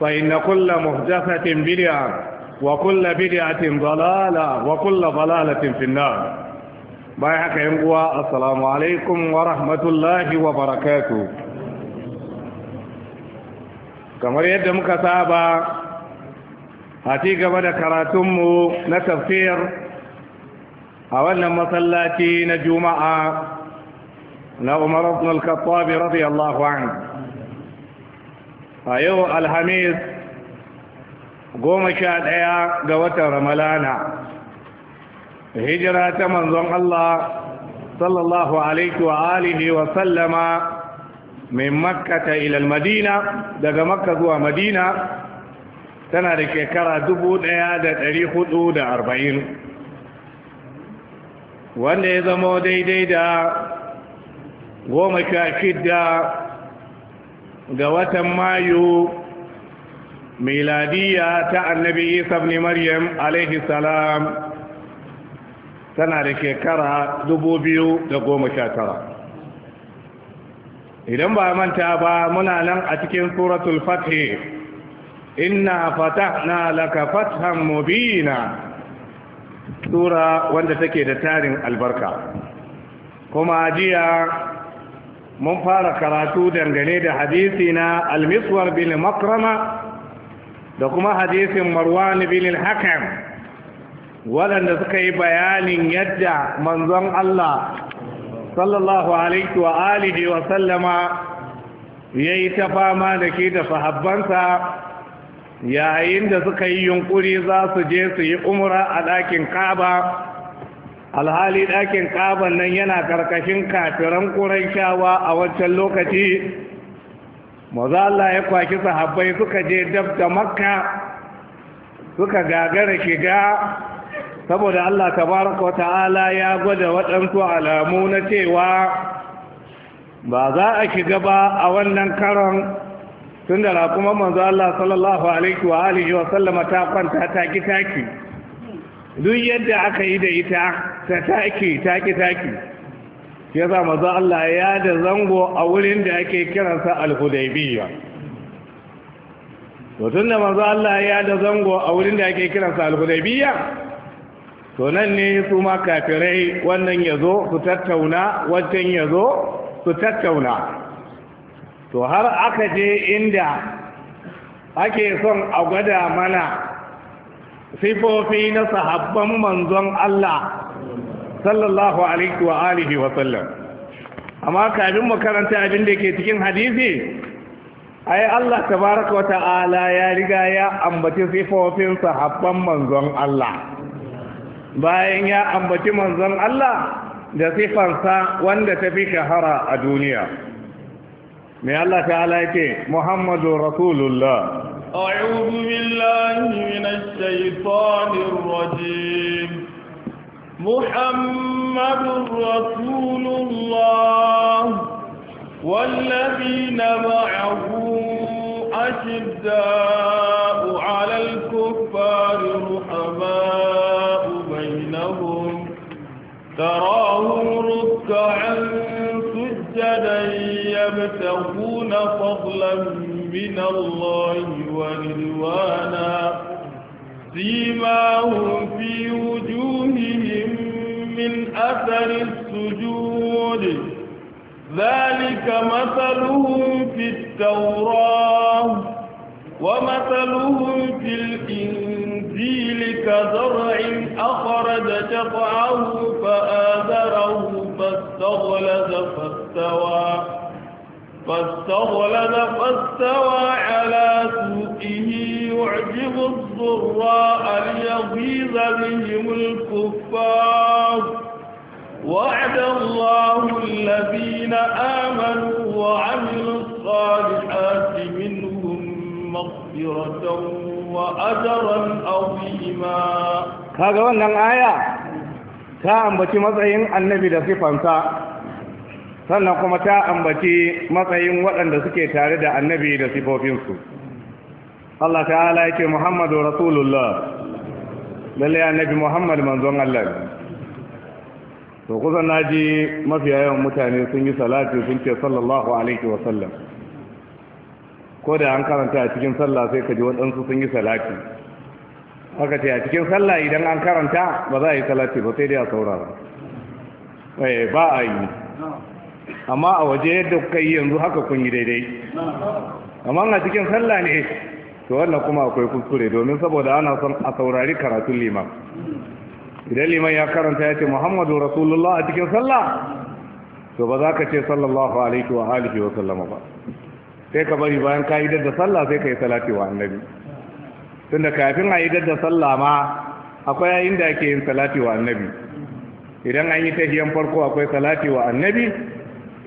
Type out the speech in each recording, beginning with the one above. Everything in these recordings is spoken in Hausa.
فإن كل مهدفة بدعة وكل بدعة ضلالة وكل ضلالة في النار بايحك ينقوى السلام عليكم ورحمة الله وبركاته كما يد مكتابة حتيك بدا كراتم نتفير أولا مصلاتي نجومة نأمر ابن الكطاب رضي الله عنه a yau alhamis goma sha ɗaya ga watan ramalana hijira ta manzon Allah sallallahu alaihi wa alihi wa sallama min makkata ilal madina daga makka zuwa madina tana da shekara arba'in, wanda ya zama daidai da goma sha shida. ga watan mayu miladiya ta annabi isa ibn maryam alaihi salam tana da shekara tara. idan ba manta ba muna nan a cikin suratul fathi inna fatahna laka fathan mubina sura wanda take da tarin albarka kuma jiya mun fara karatu dangane da hadisi na almiswar bin makrama da kuma hadisin marwan bin hakan, waɗanda suka yi bayanin yadda manzon Allah sallallahu alaihi wa alihi wa sallama ya yi ta fama da ke da sahabbansa yayin da suka yi yunkuri za su je su yi umra a ɗakin kaba alhali ɗakin ƙaban nan yana ƙarƙashin kafiran ƙuraishawa a wancan lokaci maza Allah ya kwaki sahabbai suka je dab da makka suka gagara shiga saboda Allah tabaraka wa ta'ala ya gwada waɗansu alamu na cewa ba za a shiga ba a wannan karon tun da kuma manzo Allah sallallahu alaihi wa alihi wa sallama ta kwanta taki-taki duk yadda aka yi da ita ta take take take ya za maza Allah ya da zango a wurin da ake kiransa al-hudaybiyya to tunda maza Allah ya da zango a wurin da ake kiransa al-hudaybiyya to nan ne su ma kafirai wannan ya zo su tattauna wancan ya zo su tattauna to har aka je inda ake son a gwada mana sifofi na sahabban manzon Allah sallallahu alaihi wa alihi wa sallam amma kafin mu karanta abin da ke cikin hadisi ai Allah tabaraka wa ta'ala ya riga ya ambaci sifofin sahabban manzon Allah bayan ya ambaci manzon Allah da sifansa wanda ta fi shahara a duniya mai Allah ta'ala yake Muhammadu Rasulullah أعوذ بالله من الشيطان الرجيم محمد رسول الله والذين معه أشداء على الكفار رحماء بينهم تراهم ركعا سجدا يبتغون فضلا من الله ورضوانا سيماهم في وجوههم من أثر السجود ذلك مثلهم في التوراة ومثلهم في الإنجيل كزرع أخرج شطعه فآذره فاستغلظ فاستوى فاستغلظ فاستوى على سوقه يعجب الضراء ليغيظ بهم الكفار وعد الله الذين آمنوا وعملوا الصالحات منهم مغفرة وأجرا عظيما هذا wannan الآية كان بك matsayin النبي da sifansa sannan kuma ta ambaci matsayin waɗanda suke tare da annabi da sifofinsu Allah ta'ala yake Muhammadu Rasulullah lalle annabi Muhammad manzon Allah to kusan naji mafiya yawan mutane sun yi salati sun ce sallallahu alaihi wa sallam ko da an karanta a cikin sallah sai ka ji waɗansu sun yi salati haka ce a cikin sallah idan an karanta ba za a yi salati ba sai dai a saurara eh ba a yi amma a waje yadda kuka yi yanzu haka kun yi daidai amma a cikin sallah ne to wannan kuma akwai kuskure domin saboda ana son a saurari karatun liman idan liman ya karanta ya ce muhammadu rasulullah a cikin sallah to ba za ka ce sallallahu alaihi wa alihi wa sallama ba sai ka bari bayan ka idar da sallah sai ka yi salati wa annabi tunda kafin a idar da sallah ma akwai yayin da ake yin salati wa annabi idan an yi tahiyan farko akwai salati wa annabi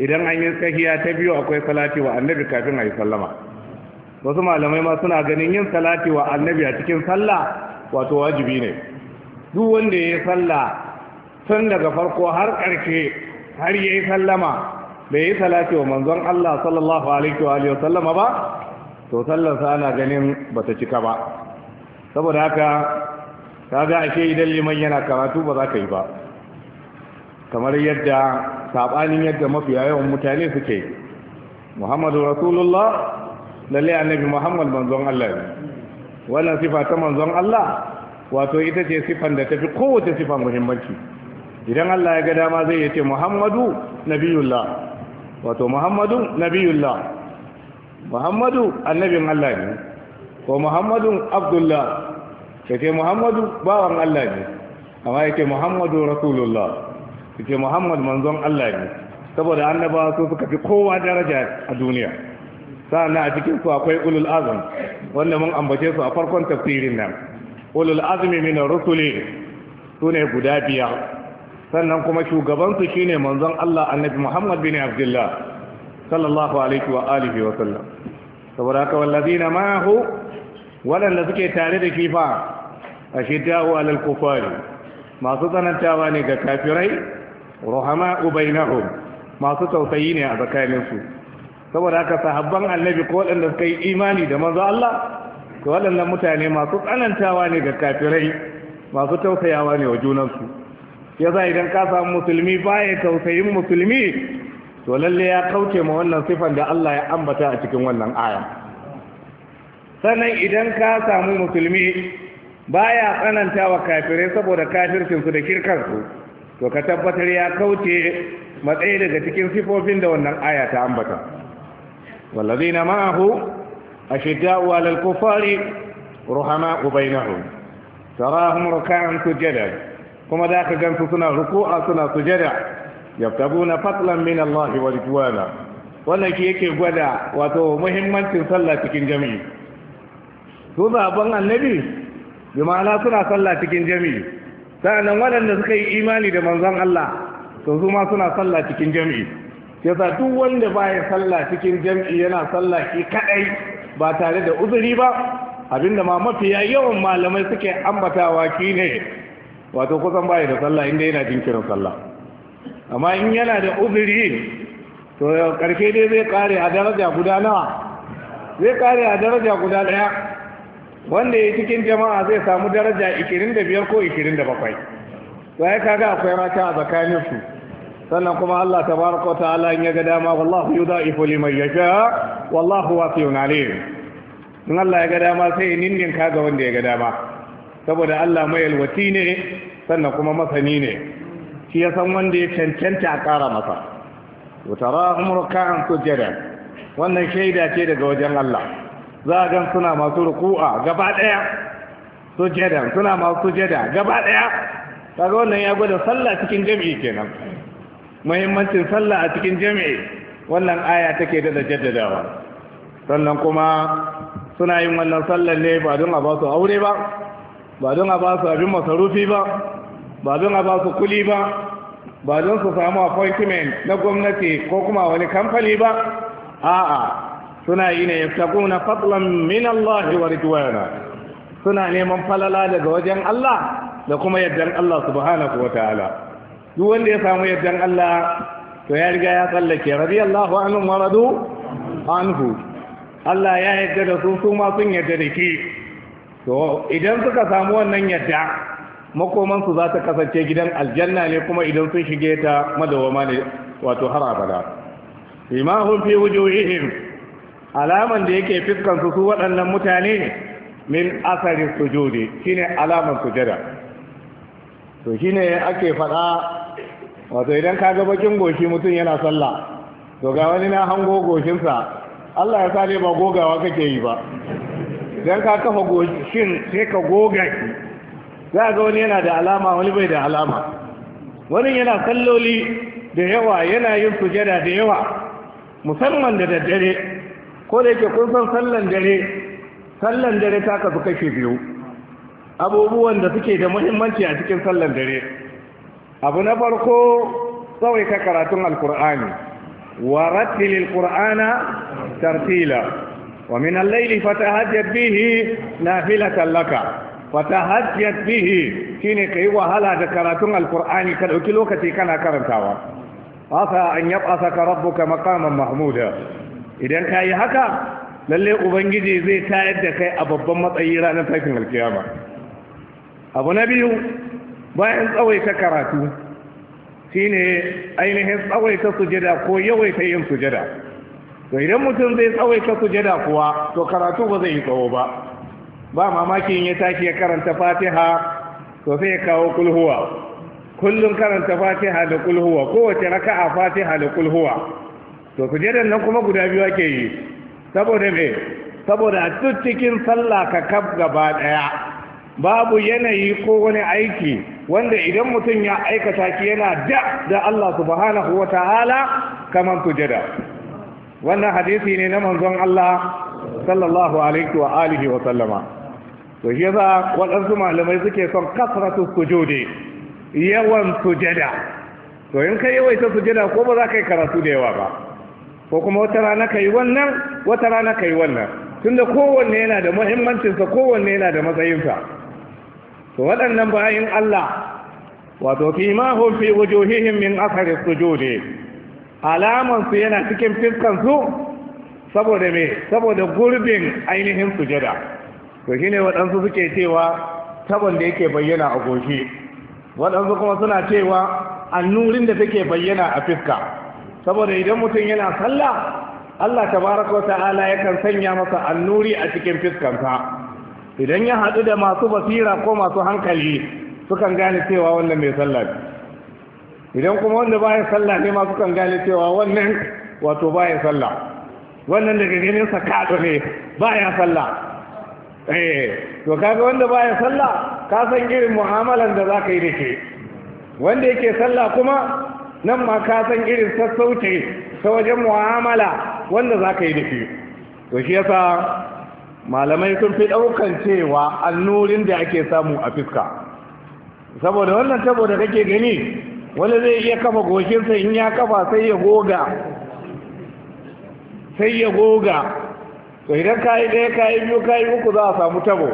idan an yi tahiya ta biyu akwai salati wa annabi kafin a yi sallama wasu malamai ma suna ganin yin salati wa annabi a cikin sallah wato wajibi ne duk wanda ya yi sallah tun daga farko har ƙarshe har ya yi sallama bai yi salati wa manzon Allah sallallahu alaihi wa sallama ba to sallarsa ana ganin bata cika ba saboda haka ga ashe idan liman yana karatu ba za ka yi ba kamar yadda saɓanin yadda mafiya yawan mutane suke Muhammadu Rasulullah lalle annabi muhammad manzon Allah ne wannan sifa ta manzon Allah wato ita ce sifan da tafi kowace sifa muhimmanci idan Allah ya ga dama zai yace muhammadu nabiyullah wato muhammadu nabiyullah muhammadu annabin Allah ne ko muhammadu abdullah yace muhammadu bawan Allah ne amma yace muhammadu rasulullah yace muhammad manzon Allah ne saboda annabawa su suka fi kowa daraja a duniya sa'annan a cikin su akwai ulul azm wanda mun ambace su a farkon tafsirin nan ulul azmi min rusuli sune guda biyar sannan kuma shugaban su shine manzon Allah annabi Muhammad bin Abdullah sallallahu alaihi wa alihi wa sallam saboda haka wallazina ma'ahu suke tare da shi fa ashidda'u alal kufari masu tsanantawa ne ga kafirai ruhama'u bainahum masu tausayi ne a tsakaninsu saboda haka sahabban annabi ko waɗanda suka yi imani da manzo Allah to waɗannan mutane masu tsanantawa ne ga kafirai masu tausayawa ne wa junansu ya za idan ka samu musulmi ba ya tausayin musulmi to lalle ya kauce ma wannan sifan da Allah ya ambata a cikin wannan aya sannan idan ka samu musulmi ba ya tsanantawa kafirai saboda kafircinsu da su, to ka tabbatar ya kauce matsayi daga cikin sifofin da wannan aya ta ambata والذين معه أشداء على الكفار رحماء بينهم تراهم ركعا سجدا كما ذاك كان سنة ركوعا سنة سجدا يبتغون فضلا من الله ورضوانا wannan shi yake gwada wato muhimmancin sallah cikin jami'i su zaɓen annabi bi ma'ana suna sallah cikin jami'i sa'annan waɗanda suka yi imani da manzon Allah to su ma suna sallah cikin jami'i yasa duk wanda baya sallah cikin jam'i yana sallah shi kadai ba tare da uzuri ba abinda ma mafiya yawan malamai suke ambatawa ki ne wato kusan baya da sallah inda yana jinkirin sallah amma in yana da uzuri to karshe dai zai kare a daraja guda nawa zai kare a daraja guda daya wanda ya cikin jama'a zai samu daraja 25 ko 27 sai kaga akwai rata a tsakaninsu sannan kuma Allah tabaraka wa ta'ala in ya ga dama wallahu mai ya sha, wallahu wasi'un alim in Allah ya ga dama sai ninnin kaga wanda ya ga dama saboda Allah mai alwati ne sannan kuma masani ne shi ya san wanda ya cancanta a ƙara masa wa tarahum ruk'an sujada wannan shaida ce daga wajen Allah za a gan suna masu ruku'a gaba daya suna masu sujjada gaba kaga wannan ya gwada sallah cikin jami'i kenan muhimmancin sallah a cikin jami'i wannan aya take da jaddadawa sannan kuma suna yin wannan sallar ne ba don a ba su aure ba ba don a ba su abin masarufi ba ba don a ba su kuli ba ba don su samu appointment na gwamnati ko kuma wani kamfani ba a'a suna yi ne yaftakuna fadlan min Allah wa ridwana suna neman falala daga wajen Allah da kuma yaddan Allah subhanahu wataala duk wanda ya samu yardan Allah to ya riga ya tsallake radiyallahu anhu maradu anhu Allah ya yarda da su su ma sun yarda da ke to idan suka samu wannan yarda makoman su za ta kasance gidan aljanna ne kuma idan sun shige ta madawama ne wato har abada imahum fi wujuhihim alaman da yake fiskan su su waɗannan mutane min asarin sujudi shine alaman sujada to shine ake faɗa wato idan ka ga bakin goshi mutum yana sallah to ga wani na hango goshinsa Allah ya sani ba gogawa kake yi ba idan ka kafa goshin sai ka goga shi za ga wani yana da alama wani bai da alama wani yana kalloli da yawa yana yin sujada da yawa musamman da daddare ko da yake kun san sallan dare sallan dare ta kasu kashe biyu abubuwan da suke da muhimmanci a cikin sallan dare abu na farko tsawaita karatun alkur'ani wa rattilil qur'ana tartila wa min al-layli fatahajjat bihi nafilatan laka fatahajjat bihi shine kai wahala da karatun alkur'ani ka dauki lokaci kana karantawa asa an yab'asaka rabbuka maqaman mahmuda idan kai haka lalle ubangiji zai tayar da kai a babban matsayi ranar tashin alkiyama abu na biyu bayan tsawaita karatu shine ainihin tsawaita sujada ko yawaita yin sujada to idan mutum zai tsawaita sujada kuwa to karatu ba zai yi tsawo ba ba mamakin ya tashi ya karanta fatiha to sai ya kawo kulhuwa kullum karanta fatiha da kulhuwa kowace raka'a fatiha da kulhuwa to sujadan nan kuma guda biyu ake yi saboda me saboda duk cikin sallah ka kaf gaba ɗaya. babu yanayi ko wani aiki wanda idan mutum ya aikata ki yana da da Allah subhanahu wa ta'ala kamar sujada wannan hadisi ne na manzon Allah sallallahu alaihi wa alihi wa sallama to shi yasa waɗansu malamai suke son kasratu sujudi yawan sujada to in ka ta sujada ko ba za ka yi karatu da yawa ba ko kuma wata rana ka yi wannan wata rana ka yi wannan tunda kowanne yana da muhimmancinsa kowanne yana da matsayinsa to waɗannan bayan Allah wato fi ma hum fi wujuhihim min athari sujudi alaman su yana cikin fiskan su saboda me saboda gurbin ainihin sujada to shine waɗansu suke cewa tabon da yake bayyana a goshi waɗansu kuma suna cewa annurin da take bayyana a fiska saboda idan mutum yana sallah Allah tabaraka wa ta'ala yakan sanya masa annuri a cikin fiskansa idan ya haɗu da masu basira ko masu hankali sukan gane cewa wannan mai sallah idan kuma wanda baya sallah ne ma sukan gane cewa wannan wato baya sallah wannan daga ganin sa kado ne baya sallah eh to kaga wanda baya sallah ka san irin mu'amalan da zaka yi da ke wanda yake sallah kuma nan ma ka san irin sassauce ta wajen mu'amala wanda zaka yi da ke to shi yasa malamai sun fi ɗaukan cewa annurin da ake samu a fiska saboda wannan tabo da kake gani wani zai iya kafa goshinsa in ya kafa sai ya goga sai ya goga to idan ka yi ɗaya ka yi biyu ka yi uku za a samu tabo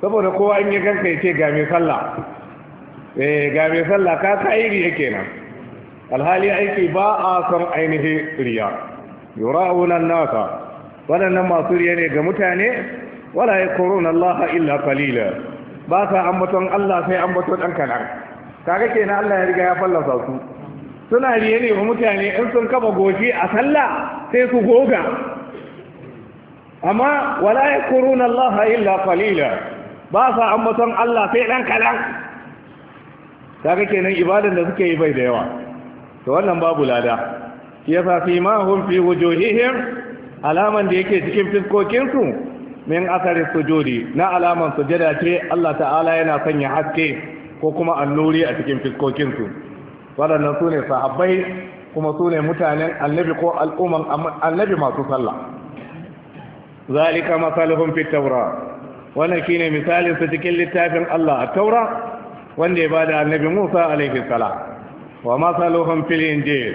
saboda kowa in ya kanka ya ce ga mai sallah eh ga sallah ka kairi riya kenan alhali aiki ba a san ainihin riya yura'una nasa waɗannan masu riya ne ga mutane wala ya korona Allah illa kalila ba sa ambaton Allah sai ambaton ɗan kanar kaga kenan Allah ya riga ya fallasa su suna riya ne ga mutane in sun kaba goshi a sallah sai su goga amma wala ya korona Allah illa kalila ba sa ambaton Allah sai ɗan kanar kaga kenan ibadan da suke yi bai da yawa to wannan babu lada yasa fi ma hum fi wujuhihim alaman da yake cikin fiskokinsu min asari sujudi na alaman sujada ce Allah ta'ala yana sanya haske ko kuma annuri a cikin fiskokinsu waɗannan su ne sahabbai kuma su ne mutanen annabi ko al'umman annabi masu sallah zalika masaluhum fi taura wannan shine misalin su cikin littafin Allah a taura wanda ya bada annabi Musa alaihi salam wa masaluhum fil injil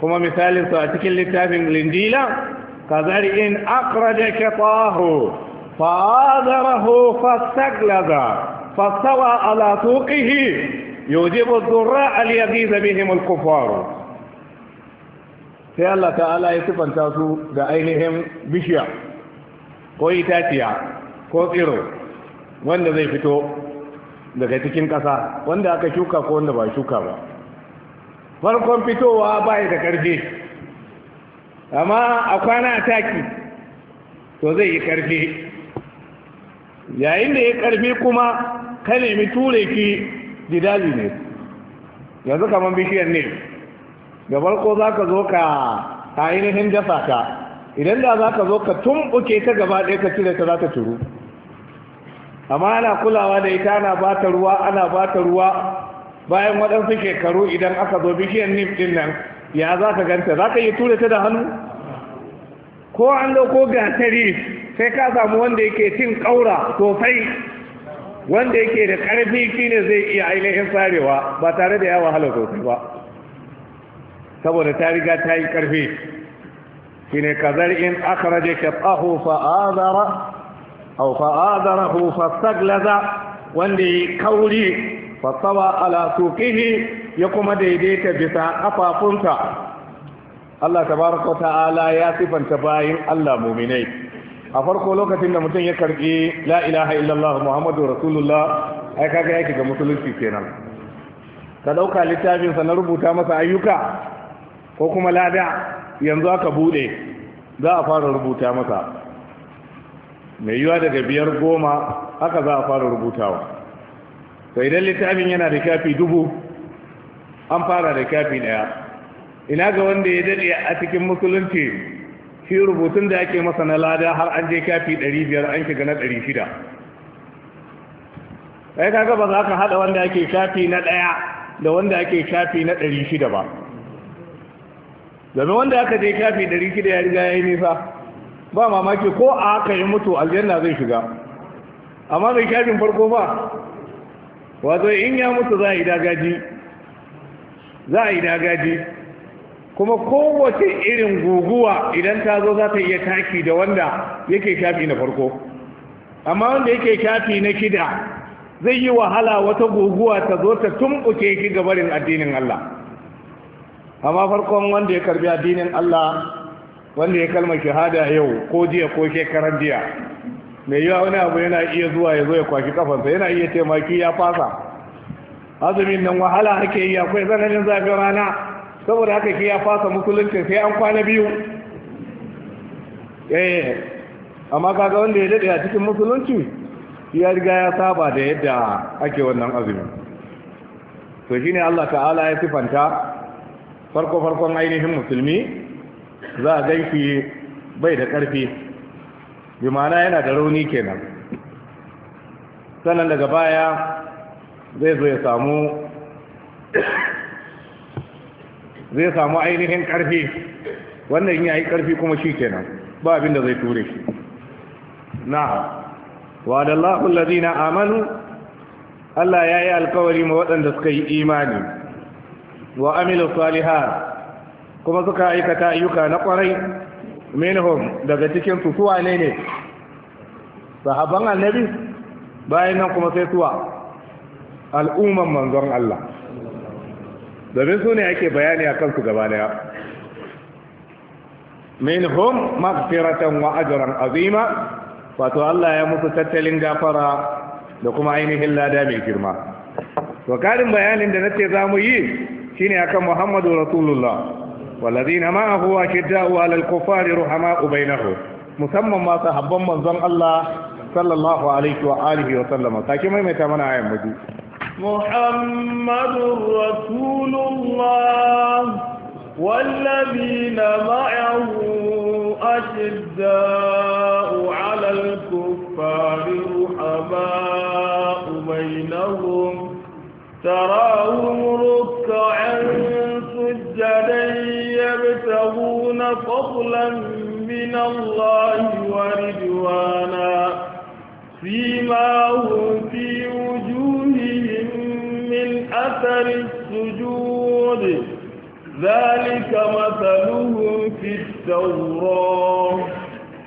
kuma misalin su a cikin littafin lindila كذل إن أقرجك طاه فآذره فاستقلب فاستوى على توقه يوجب الضراء ليذيذ بهم الكفار سي الله تعالى يسف أن تأتوا بأينهم بشيع كوي تاتيا كوكيرو وين ذي فتو daga cikin ƙasa wanda aka shuka ko wanda ba shuka ba farkon amma a kwana a taki to zai yi karfi yayin da ya karfi kuma ka nemi ture ki didali ne yanzu kamar bishiyar ne da farko za ka zo ka ainihin dafa ta idan da za ka zo ka tumbuke ta gaba ɗaya ka cire ta za ta turu amma ana kulawa da ita ana ba ta ruwa ana ba ta ruwa bayan waɗansu shekaru idan aka zo bishiyar nif ɗin nan ya za ka ganta za ka yi tura ta da hannu ko an ko gatari sai ka samu wanda yake cin ƙaura sosai wanda yake da ƙarfi shine zai iya ainihin sarewa ba tare da ya wahala sosai ba saboda ta riga ta yi ƙarfi ka kazar in aka akhraja shaqahu fa azara aw fa azarahu wanda yi kauri fasawa ala suqihi ya kuma daidaita bisa kafafunsa Allah tabaraka ta'ala ya sifanta bayin Allah mu'minai a farko lokacin da mutum ya karbi la ilaha illallah muhammadu rasulullah ai kaga yake ga musulunci kenan ka dauka littafin sa na rubuta masa ayyuka ko kuma lada yanzu aka bude za a fara rubuta masa mai yiwa daga biyar goma haka za a fara rubutawa sai idan littafin yana da kafi dubu an fara da kafi daya ina ga wanda ya dade a cikin musulunci shi rubutun da ake masa na lada har an je kafi 500 an shiga na 600 sai kaga ba za ka hada wanda ake kafi na daya da wanda ake kafi na 600 ba domin wanda aka je kafi 600 ya riga ya yi nisa ba mamaki ko a haka yi mutu aljanna zai shiga amma mai kafin farko ba wato in ya mutu za a yi dagaji za a yi dagaji kuma kowace irin guguwa idan ta zo za ta iya taki da wanda yake shafi na farko amma wanda yake shafi na kida zai yi wahala wata guguwa ta zo ta tumbuke ki gabarin addinin Allah amma farkon wanda ya karbi addinin Allah wanda ya kalma shahada yau ko jiya ko shekaran jiya mai yawa wani abu yana iya zuwa ya zo ya kwashi kafansa yana iya taimaki ya fasa azumin nan wahala ake yi akwai tsananin zafin rana saboda haka ke ya fasa musulunci sai an kwana biyu eh amma kaga wanda ya dade a cikin musulunci ya riga ya saba da yadda ake wannan azumin to shine Allah ta'ala ya sifanta farko farkon ainihin musulmi za a ganki bai da ƙarfi bi ma'ana yana da rauni kenan sannan daga baya zai zo ya samu zai samu ainihin karfi wannan yin yi karfi kuma shi kenan ba abin da zai ture shi Na'a. wa da amanu Allah ya yi alkawari ma waɗanda suka yi imani wa amilu salihar kuma suka aikata ayyuka na ƙwarai minhum daga cikin su suwa ne ne sahaban annabi bayan nan kuma sai suwa al'umman manzon Allah domin su ne ake bayani a kansu gaba daya minhum maghfiratan wa ajran azima wato Allah ya musu tattalin gafara da kuma ainihin lada mai girma to karin bayanin da nace zamu yi shine akan Muhammadu Rasulullah walladhina ma'ahu ashidda'u 'alal kuffari ruhama'u bainahum musamman ma sahabban manzon Allah sallallahu alaihi wa alihi wa sallam. kake maimaita mana ayan muji محمد رسول الله والذين معه أشداء على الكفار رحماء بينهم تراهم ركعا سجدا يبتغون فضلا من الله ورجوانا فيما هم في وجود أثر السجود ذلك مثلهم في التوراة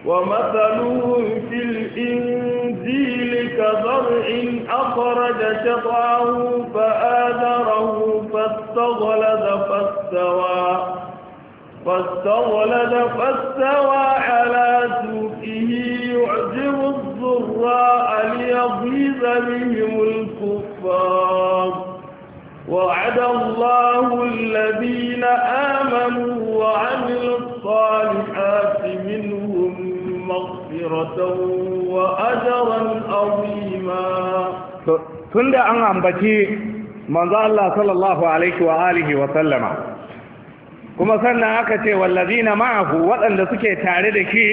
ومثلهم في الإنجيل كضرع أخرج شطعه فآذره فاستغلد فاستوى فاستغلد فاستوى على سوقه يعجب الضراء ليغيظ بهم الكفار وعد الله الذين آمنوا وعملوا الصالحات منهم مغفرة وأجرا عظيما تند أن أنبتي من الله صلى الله عليه وآله وسلم kuma sannan aka ce wallazina ma'ahu waɗanda suke tare da shi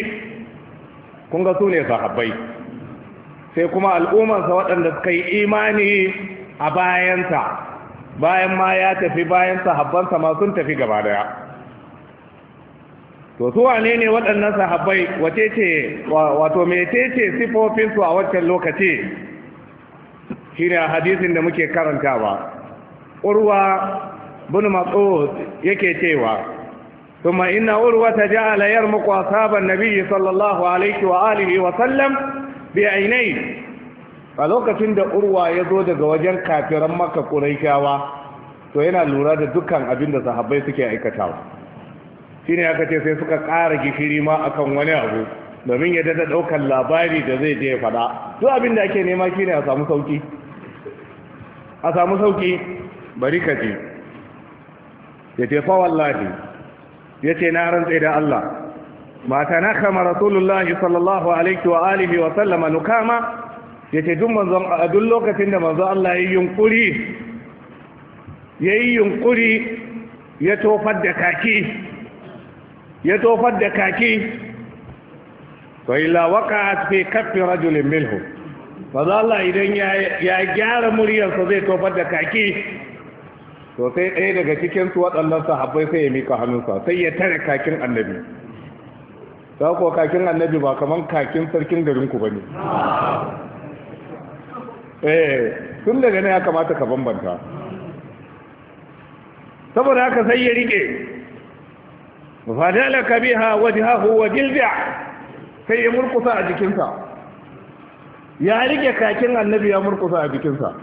kun ga su ne sahabbai sai kuma al'ummarsa waɗanda suka yi imani a bayansa bayan ma ya tafi bayan sahabbansa ma sun tafi gaba daya to su wane ne waɗannan sahabbai wace ce wato metece sifofinsu a waccan lokaci shine a hadisin da muke karanta karantawa urwa bin mas'ud yake cewa ثم إن أروة جعل يرمق sallallahu alaihi wa alihi wa sallam bi a lokacin da urwa ya zo daga wajen kafiran maka ƙuraikawa to yana lura da dukkan abin da sahabbai suke aikatawa shi ne aka ce sai suka ƙara gishiri ma akan wani abu domin ya dada ɗaukar labari da zai je faɗa to abin da ake nema shi ne a samu sauƙi a samu sauƙi bari ka ce ya ce fa wallahi ya ce na rantse da Allah ma tanakama rasulullahi sallallahu alaihi wa alihi wa sallama nukama ya ce duk manzon a duk lokacin da manzon Allah ya yi yunkuri ya yi yunkuri ya tofar da kaki ya tofar da kaki to illa waka fi kafin rajulin milhu manzon Allah idan ya gyara muryarsa zai tofar da kaki to sai ɗaya daga cikin su waɗannan sahabbai sai ya mika hannunsa sai ya tare kakin annabi ta ko kakin annabi ba kaman kakin sarkin garinku ba ne eh tun daga ne ya kamata ka bambanta saboda haka sai ya rike ka biha wajhahu wa jilda sai ya murkusa a jikinsa ya rike kakin annabi ya murkusa a jikinsa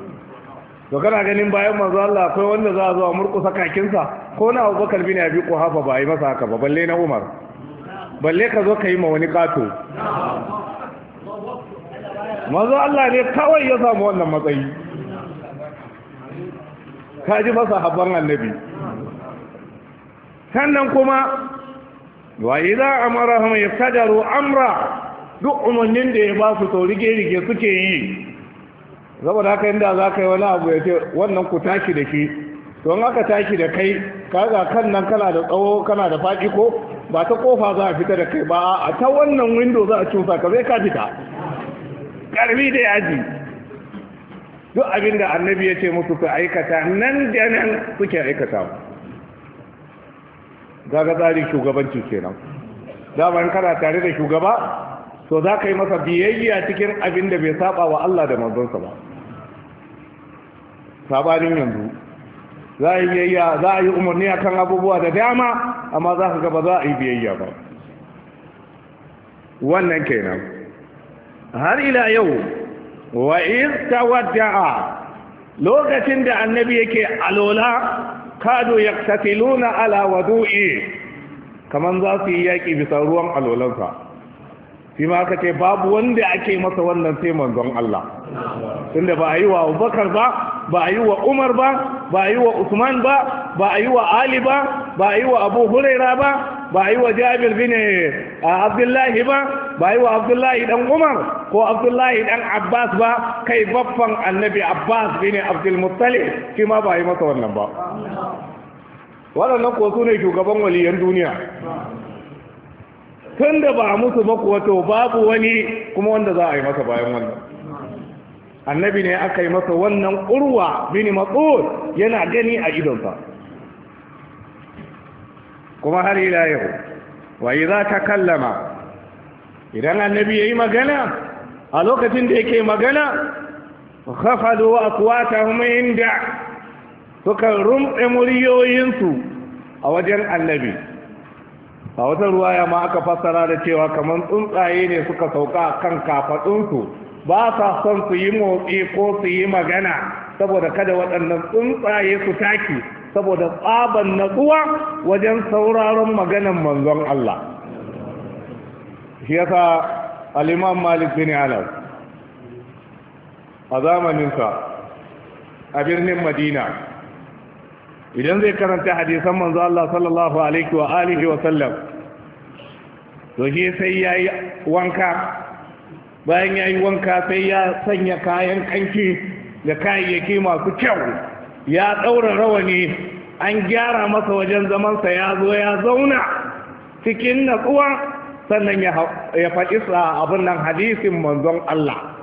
to kana ganin bayan manzo Allah akwai wanda za a zo a murkusa kakinsa ko na Abubakar bin Abi Quhafa ba yi masa haka ba balle na Umar balle ka zo ka yi ma wani kato Mazu Allah ne kawai ya samu wannan matsayi ka ji masa haɓar annabi sannan kuma wa idan ya yaqdaru amra duk umarnin da ya ba su to rige suke yi da haka inda za ka yi wani abu ya ce wannan ku tashi da shi Don haka aka tashi da kai kaga kan nan kana da tsawo kana da faɗi ko ba ta kofa za a fita da kai ba a ta wannan windo za a cusa ka zai ka fita karbi da yaji duk abin da annabi ya ce musu ku aikata nan da nan suke aikata ga tsarin shugabanci kenan daman kana tare da shugaba to za ka yi masa biyayya cikin abin da bai saba wa Allah da manzonsa ba sabanin yanzu za a yi biyayya za a yi umarni akan abubuwa da dama amma za ka ga ba za a yi biyayya ba wannan kenan har ila yau wa tawadda'a lokacin da annabi yake alola kado yaktatiluna ala wudu'i kamar za su yi yaki bisa ruwan alolansa shi ma ce babu wanda ake masa wannan sai manzon Allah tunda ba a yi wa Abubakar ba ba a yi wa Umar ba ba a yi wa Usman ba ba a yi wa Ali ba ba a yi wa Abu Huraira ba ba a yi wa jabir bin eh, abdullahi ba ba a yi wa abdullahi dan umar ko abdullahi dan abbas ba kai babban annabi abbas bin abdulmuttali shi ma ba a yi masa wannan ba waɗannan ko su ne shugaban waliyan duniya tun da ba musu makwato babu wani kuma wanda za a yi masa bayan wannan annabi ne aka yi masa wannan urwa bin matsur yana gani a idonsa kuma har ila yau wa idza takallama idan annabi yayi magana a lokacin da yake magana khafadu aqwatahum inda suka rumɗe muryoyinsu a wajen annabi a wata ruwaya ma aka fassara da cewa kamar tsuntsaye ne suka sauka kan kafaɗunsu ba sa son su yi motsi ko su yi magana saboda kada waɗannan tsuntsaye su taki saboda tsaban natsuwa wajen sauraron maganan manzon Allah shi yasa al-Imam Malik bin Anas a sa a birnin Madina idan zai karanta hadisan manzon Allah sallallahu alaihi wa alihi wa sallam to shi sai yayi wanka bayan yayi wanka sai ya sanya kayan kanki da kayayyaki masu kyau ya ɗaura rawani an gyara masa wajen zamansa ya zo ya zauna cikin natsuwa sannan ya faɗi abin nan hadisin manzon Allah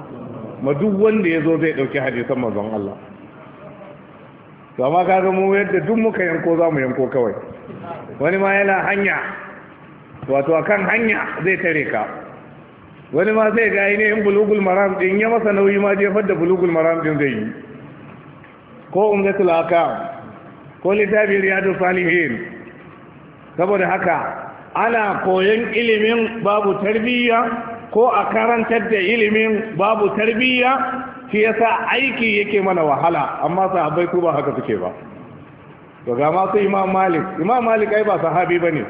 ma duk wanda ya zo zai ɗauki hadisan manzon Allah zama ka mu yadda duk muka yanko za mu yanko kawai wani ma yana hanya wato a kan hanya zai tare ka wani ma zai ga ainihin bulugul maram ɗin ya masa nauyi ma jefar da bulugul maram ɗin zai yi ko umdatul aqam ko littafin riyadu salihin saboda haka ana koyon ilimin babu tarbiyya ko a karantar da ilimin babu tarbiyya shi yasa aiki yake mana wahala amma sahabbai ko ba haka suke ba to ga ma su imam malik imam malik ai ba sahabi bane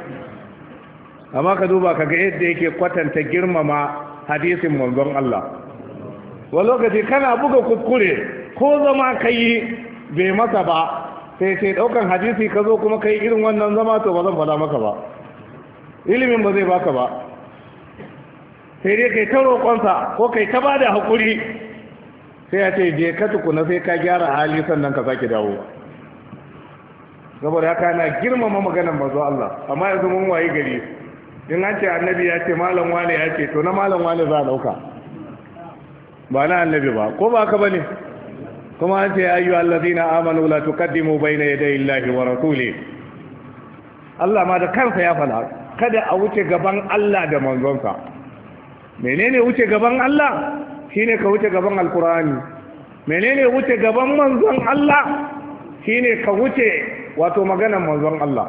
amma ka duba ka ga yadda yake kwatanta girmama hadisin manzon Allah Wa lokaci kana buga kuskure ko zama ka bai masa ba sai sai daukan hadisi ka zo kuma kai irin wannan zama to ba zan fada maka ba ilimin ba zai baka ba sai dai kai ta roƙonsa ko kai ta bada hakuri sai ya ce je ka tukuna sai ka gyara hali sannan ka sake dawo saboda haka na girmama maganar mazo Allah amma yanzu mun waye gari in an ce annabi ya ce malam wane ya ce to na malam wane za a dauka ba na annabi ba ko ba haka bane kuma an ce ya allazina amanu la tuqaddimu bayna yaday illahi wa rasuli Allah ma da kansa ya fada kada a wuce gaban Allah da manzonsa menene wuce gaban Allah shine ka wuce gaban alqur'ani menene wuce gaban manzon Allah shine ka wuce wato maganar manzon Allah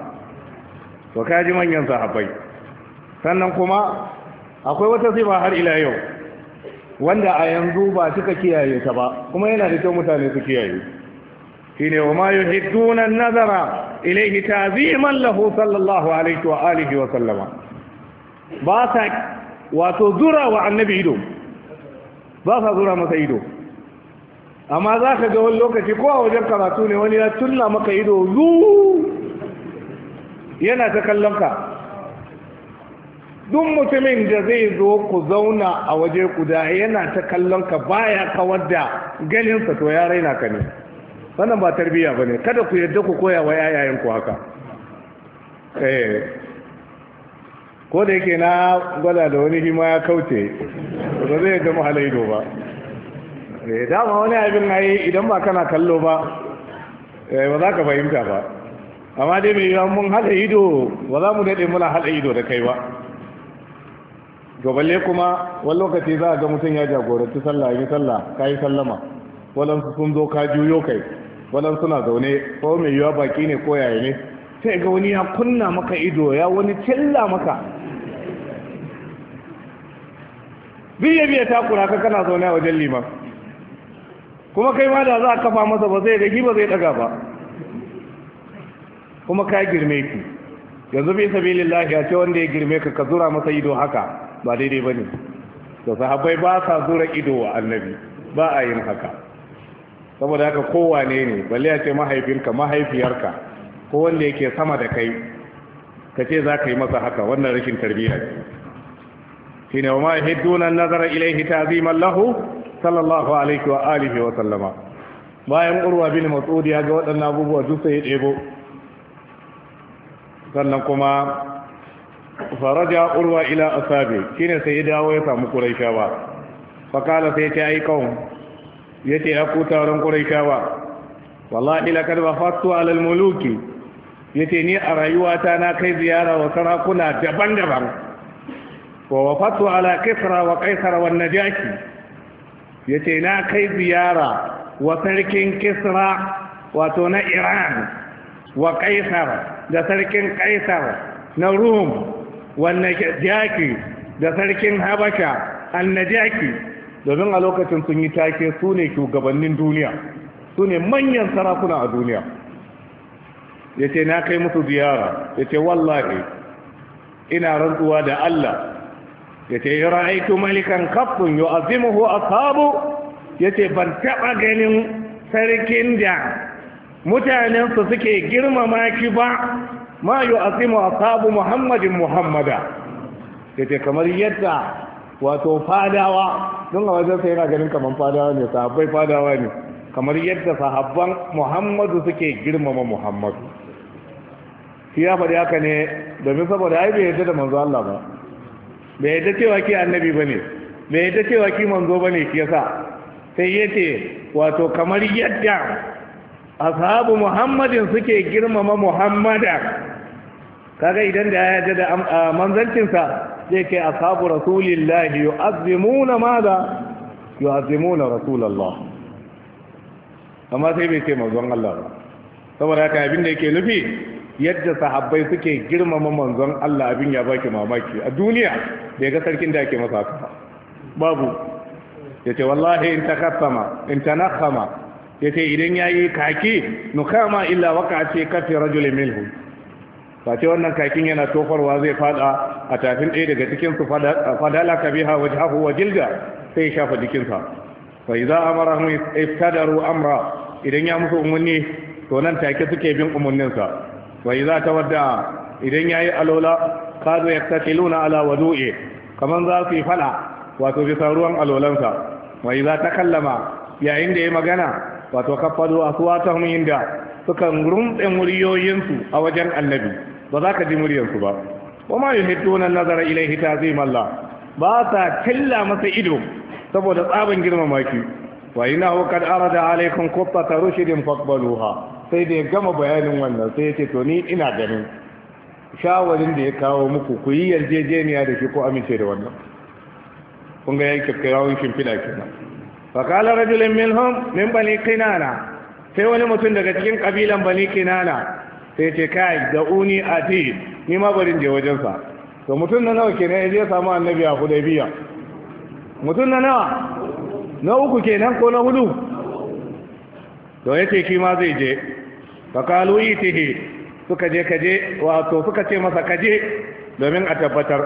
to kaji manyan sahabbai sannan kuma akwai wata sifa har ila yau wanda a yanzu ba suka kiyaye ta ba kuma yana da kyau mutane su kiyaye shine wa ma yuhidduna nazara ilayhi ta'ziman lahu sallallahu alaihi wa alihi wa sallama ba sa wato zura wa annabi ido ba sa zura masa ido amma za ka ga wani lokaci ko a wajen karatu ne wani ya tulla maka ido yuu yana ta kallon ka duk mutumin da zai zo ku zauna a waje guda yana ta kallon ka baya kawar da ganinsa to ya raina ka ne wannan ba tarbiyya ba ne kada ku yadda ku koya wa yayayen ku haka eh. ko da yake na gwada da wani hima ya kauce ba zai yadda mahalaido ba eh, dama wani abin na yi idan ba kana kallo ba eh, ba za ka fahimta ba amma dai mai yiwuwa mun haɗa ido ba za mu daɗe muna haɗa ido da kai ba to balle kuma wani lokaci za a ga mutum ya jagoranci sallah yi sallah ka yi sallama waɗansu sun zo ka juyo kai waɗansu suna zaune ko mai yiwa baki ne ko yaya ne sai ga wani ya kunna maka ido ya wani cilla maka biye biye takura ka kana zaune a wajen liman kuma kai ma da za a kafa masa ba zai ragi ba zai daga ba kuma ka girme ki yanzu bi sabilillahi a ce wanda ya girme ka ka zura masa ido haka ba daidai ba ne da sahabbai ba sa zura ido wa annabi ba a yin haka saboda haka kowane ne balle a ce mahaifinka mahaifiyarka ko wanda yake sama da kai ka ce za ka yi masa haka wannan rashin tarbiyya ne shi ne wa ma nazara ilaihi taziman lahu sallallahu alaihi wa alihi wa sallama bayan urwa bin mas'ud ya ga waɗannan abubuwa duk sai ya ɗebo sannan kuma faraja urwa ila Asabe shine sai ya dawo ya samu quraishawa fa kala sai ta ai kawun yace ya ku taron quraishawa wallahi laqad wafattu ala almuluki yace ni a rayuwata na kai ziyara wa sarakuna daban-daban wa wafattu ala kisra wa kaisara wa najaki yace na kai ziyara wa sarkin kisra wato na iran wa kaisar da sarkin kaisar na rum jaki da sarkin habasha annajaki domin a lokacin sun yi take su ne shugabannin duniya su ne manyan sarakuna a duniya ya ce na kai musu ziyara ya ce wallahi ina rantsuwa da Allah ya ce yi ra'aitu malikan kafin yi azimuhu a sabu ya ce ban taɓa ganin sarkin da mutanensu suke girmama ki ba ma yi asimu sabu muhammadin muhammada da ke kamar yadda wato fadawa don a wajen sai yana ganin kamar fadawa ne sahabbai fadawa ne kamar yadda sahabban muhammadu suke girmama muhammadu shi ya faɗi haka ne domin saboda ai bai yadda da manzo Allah ba bai yadda cewa ki annabi ba ne bai yadda cewa ki manzo ba ne shi yasa sai yace wato kamar yadda ashabu muhammadin suke girmama muhammada kaga idan da ya da manzancinsa zai kai ashabu rasulillahi yu'azzimuna madha yu'azzimuna rasulallah amma sai bai ce manzon Allah ba saboda haka abin da yake nufi yadda sahabbai suke girmama manzon Allah abin ya baki mamaki a duniya bai ga sarkin da yake masa haka babu yace wallahi in takassama in tanakhama ya ce idan ya yi kaki nukama illa waka ce kafe rajulun milhu ba ce wannan kakin yana tofarwa zai fada a tafin ɗaya daga cikinsu fadala kabiha waje haku wa jilga sai ya shafa jikinsa sai za a mara hun iftadaru amra idan ya musu umarni to nan take suke bin umarninsa sai za ta wadda idan ya yi alola kazo ya tiluna ala wadu'e kamar za su yi fada wato bisa ruwan alolansa sai za ta kallama yayin da ya magana wato kafalu aswatahum inda sukan runtse muryoyinsu a wajen annabi ba za ka ji muryarsu ba wa ma yuhidduna nazara ilaihi zai Allah ba sa killa masa ido saboda tsabin girmama maki wa ina hu kad arada alaikum qubbata rushidin faqbaluha sai da ya gama bayanin wannan sai yace to ni ina ganin shawarin da ya kawo muku ku yi yarjejeniya da shi ko amince da wannan kun ga yake kirawun shimfiɗa kenan faƙala rajulun minhum min bani kinana sai wani mutum daga cikin ƙabilan bani kinana sai ce kai da uni ati ni ma barin je wajensa to mutum na nawa kenan ya je samu annabi a hudaybiya mutum na nawa na uku kenan ko na hudu to ya shi ma zai je faƙalu itihi suka je kaje wato suka ce masa kaje domin a tabbatar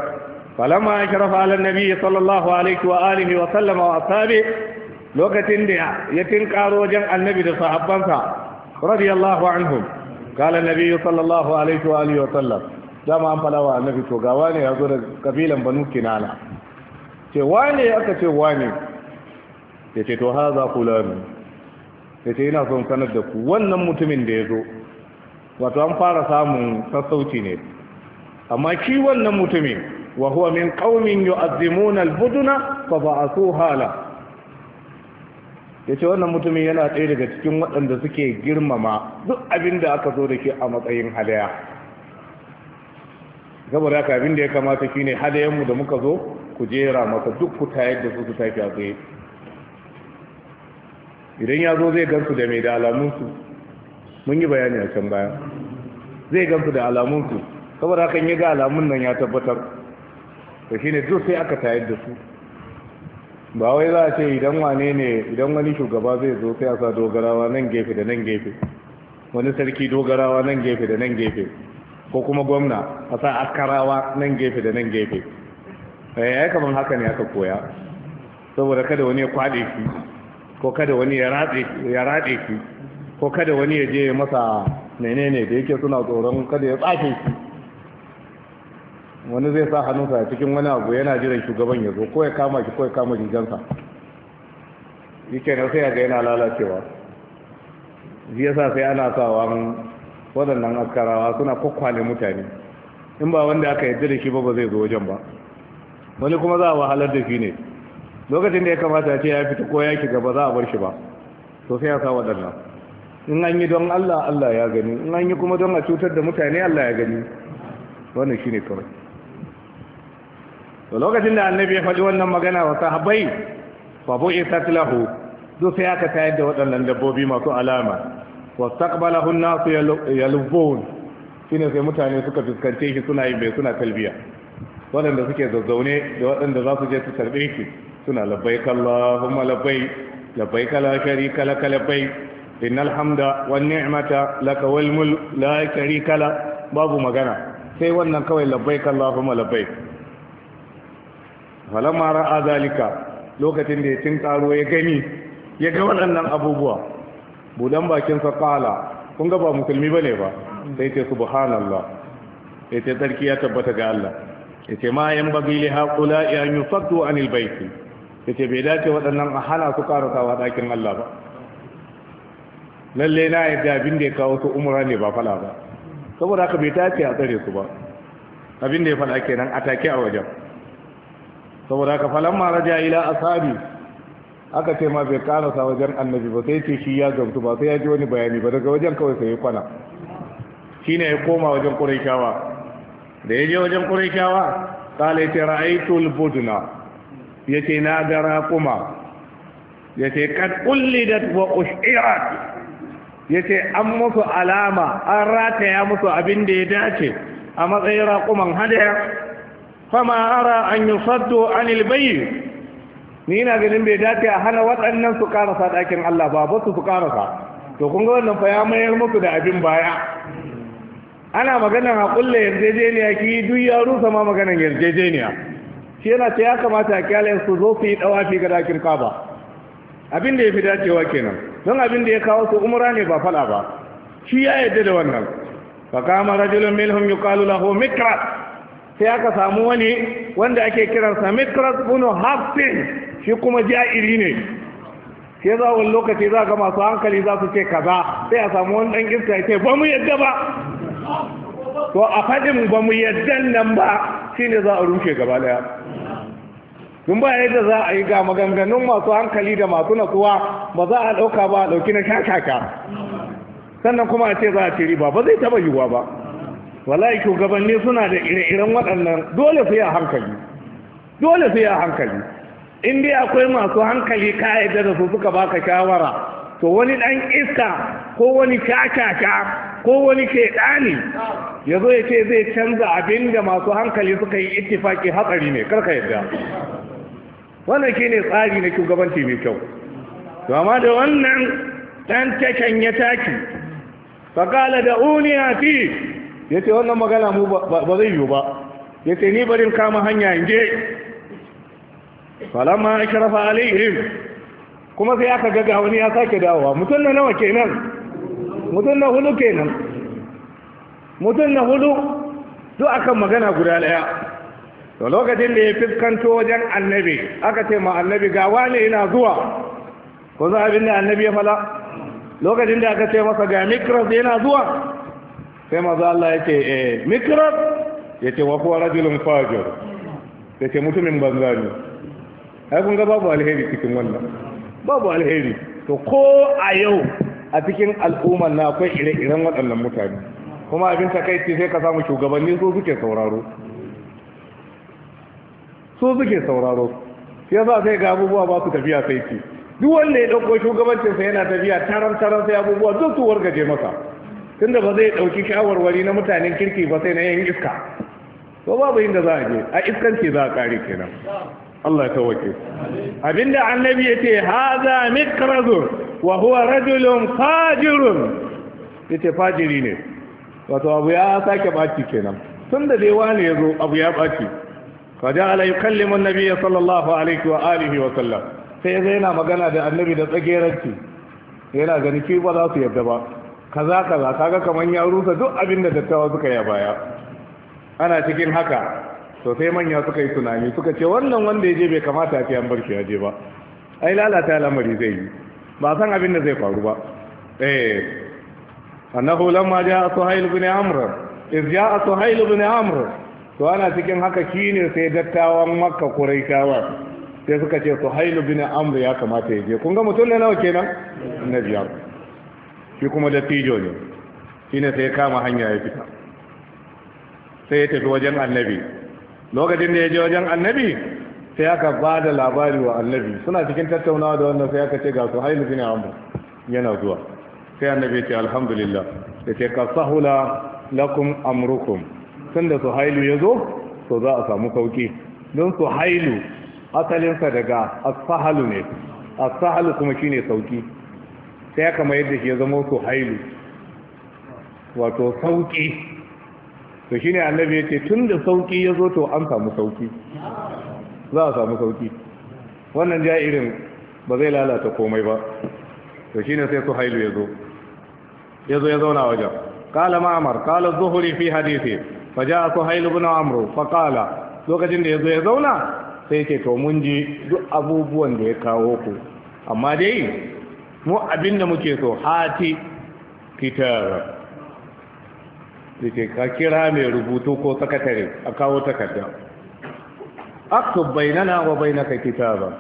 falamma ashrafa ala nabi sallallahu alaihi wa alihi wa sallama wa ashabihi lokacin da ya tinkaro wajen annabi da sahabbansa radiyallahu anhum kala nabi sallallahu alaihi wa alihi wa sallam dama an falawa annabi to gawa ne ya zo da kabilan banu kinana ce wane aka ce wane ya ce to haza fulani ya ce ina son sanar da ku wannan mutumin da ya zo wato an fara samun sassauci ne amma ki wannan mutumin wa huwa min qaumin yu'azzimuna al-buduna fa ba'athuha hala. ya ce wannan mutumin yana ɗaya daga cikin waɗanda suke girmama duk abin da aka zo da ke a matsayin hadaya saboda haka abin da ya kamata shi ne hadayenmu da muka zo ku jera masa duk ku tayar da su su tafi a tsaye idan ya zo zai gansu da mai da alamunsu mun yi bayani a can baya zai gansu da alamunsu saboda hakan ya ga alamun nan ya tabbatar shi ne duk sai aka tayar da su ba wai za a ce idan wane ne idan wani shugaba zai zo sai a sa dogarawa nan gefe da nan gefe wani sarki dogarawa nan gefe da nan gefe ko kuma gwamna a sa askarawa nan gefe da nan gefe ya eh, kamar haka ne aka koya saboda kada wani ya kwaɗe shi ko kada wani ya raɗe shi ko kada wani ya je masa menene da yake suna tsoron kada ya tsafe shi wani zai sa hannunsa a cikin wani abu yana jiran shugaban ya zo ko ya kama shi ko ya kama rigansa yake na sai ga yana lalacewa shi yasa sai ana sawa waɗannan askarawa suna kwakwale mutane in ba wanda aka yadda da shi ba ba zai zo wajen ba wani kuma za a wahalar da shi ne lokacin da ya kamata ce ya fita ko ya shiga ba za a bar shi ba to sai ya sa waɗannan in an yi don Allah Allah ya gani in an yi kuma don a cutar da mutane Allah ya gani wannan shine kawai lokacin da annabi ya faɗi wannan magana wa sahabbai babu bu'ithat lahu duk sai aka tayar da waɗannan dabbobi masu alama wastaqbalahu an-nasu yalubbun shine sai mutane suka fuskance shi suna yin bai suna talbiya waɗanda suke zazzaune da waɗanda za su je su tarbe shi suna labbaik Allahumma labbaik labbaik la sharika lak labbaik innal hamda wan ni'mata lak wal mulk la sharika lak babu magana sai wannan kawai labbaik Allahumma labbaik falamma ra'a zalika lokacin da ya cin karo ya gani ya ga waɗannan abubuwa budan bakin sa kala kun ga ba musulmi bane ba sai ce subhanallah sai ce sarki ya tabbata ga Allah ce ma yan bagili haula an yufaddu anil baiti ce bai dace waɗannan a hana su wa dakin Allah ba lalle na yadda abin da ya kawo su umra ne ba fala ba saboda haka bai tace a tsare su ba abin da ya fada kenan atake a wajen saboda haka falamma raja ila asabi aka ce ma bai karasa wajen annabi ba sai ce shi ya gamtu ba sai ya ji wani bayani ba daga wajen kawai sai ya kwana Shi ne ya koma wajen quraishawa da ya je wajen quraishawa kala ce ra'aitul budna yace na ga ce yace kulli da wa ya yace an musu alama an rataya musu abin da ya dace a matsayin raƙuman hadaya fama ara an yi saddo an ilbayi ni ina ganin bai dace a hana waɗannan su karasa ɗakin Allah ba ba su su karasa to kun ga wannan fa ya mayar musu da abin baya ana maganar a yarjejeniya ki duk ya rusa ma maganar yarjejeniya shi yana ta ya kamata a kyale su zo su yi ɗawafi ga ɗakin kaba abin da ya fi dacewa kenan don abin da ya kawo su umra ne ba fala ba shi ya yarda da wannan fa kama rajulun minhum yuqalu lahu mikra sai aka samu wani wanda ake kiransa mitras bunu hafsin shi kuma ja'iri ne sai za wani lokaci za ga masu hankali za su ce kaza sai a samu wani dan iska ya ce ba mu yadda ba to a faɗin ba mu yadda nan ba shine za a rushe gaba daya tun ba yadda za a yi ga maganganun masu hankali da masu natsuwa ba za a ɗauka ba a ɗauki na shashaka sannan kuma a ce za a ce riba ba zai taɓa yiwuwa ba wallahi shugabanni suna da ire-iren waɗannan dole su yi hankali dole su hankali in dai akwai masu hankali ka'ida da su suka baka shawara to wani ɗan iska ko wani shashasha ko wani shaidani ya zo ya ce zai canza abinda masu hankali suka yi ittifaki hatsari ne karka yadda wannan shi ne tsari na shugabanci mai kyau to amma da wannan ɗan tashan ya taki fakala da uniya fi ya ce wannan magana mu ba zai yiwu ba ya ce ni barin kama hanya in je falamma a sharafa alaihim kuma sai aka gaga wani ya sake dawowa mutum na nawa kenan mutum na hudu kenan mutum na hudu duk akan magana guda daya to lokacin da ya fiskanto wajen annabi aka ce ma annabi ga wani ina zuwa ko za abin da annabi ya fala lokacin da aka ce masa ga mikros yana zuwa sai maza Allah yake ce eh mikrat ya ce wa rajulun fajir ya mutumin banza ne ai kun ga babu alheri cikin wannan babu alheri to ko a yau a cikin al'ummar na akwai ire-iren waɗannan mutane kuma abin kai sai ka samu shugabanni su suke sauraro su suke sauraro ya sa sai ga abubuwa ba su tafiya sai duk wanda ya ɗauko shugabancinsa yana tafiya taran taran sai abubuwa duk su wargaje masa tunda ba zai ɗauki shawarwari na mutanen kirki ba sai na yin iska to babu inda za a je a iskanci za a ƙare kenan Allah ya tawake abinda annabi ya ce haza mikrazun wa huwa rajulun fajirun ya ce fajiri ne wato abu ya sake baci kenan tun da dai wani ya zo abu ya baci kaja ala nabi ya sallallahu alaihi wa alihi wa sallam sai ya yana magana da annabi da tsageranci yana gani ki ba za su yarda ba kaza kaza kaga kaman ya rusa duk abin da dattawa suka ya baya ana cikin haka to sai manya suka yi tunani suka ce wannan wanda ya je bai kamata a ce an bar ya je ba ai lalata lamari zai yi ba san abin da zai faru ba eh annahu lamma ja'a suhayl ibn amr iz ja'a suhayl ibn amr to ana cikin haka shine sai dattawan makka quraishawa sai suka ce suhayl ibn amr ya kamata ya je kun ga mutum ne nawa kenan na biyar shi kuma dattijo ne ne sai ya kama hanya ya fita sai ya tafi wajen annabi lokacin da ya je wajen annabi sai aka ba da labari wa annabi suna cikin tattaunawa da wannan sai aka ce ga su hailu ne amr yana zuwa sai annabi ya ce alhamdulillah ya ce ka sahula lakum amrukum da su hailu ya zo so za a samu sauki don su hailu asalinsa daga asahalu ne asahalu kuma shine sauki sai aka mayar da shi ya zama to hailu wato sauki to shine annabi ya ce tun da sauki ya zo to an samu sauki za a samu sauki wannan ja irin ba zai lalata komai ba to shine sai su hailu ya zo ya zo ya zauna wajen kala ma'amar kala zuhuri fi hadisi fa ja'a hailu ibn amr fa kala lokacin da ya zo ya zauna sai ce to mun ji duk abubuwan da ya kawo ku amma dai mu abin da muke so hati kitara da ka kira mai rubutu ko sakatare a kawo takarda aktub bainana wa bainaka kitaba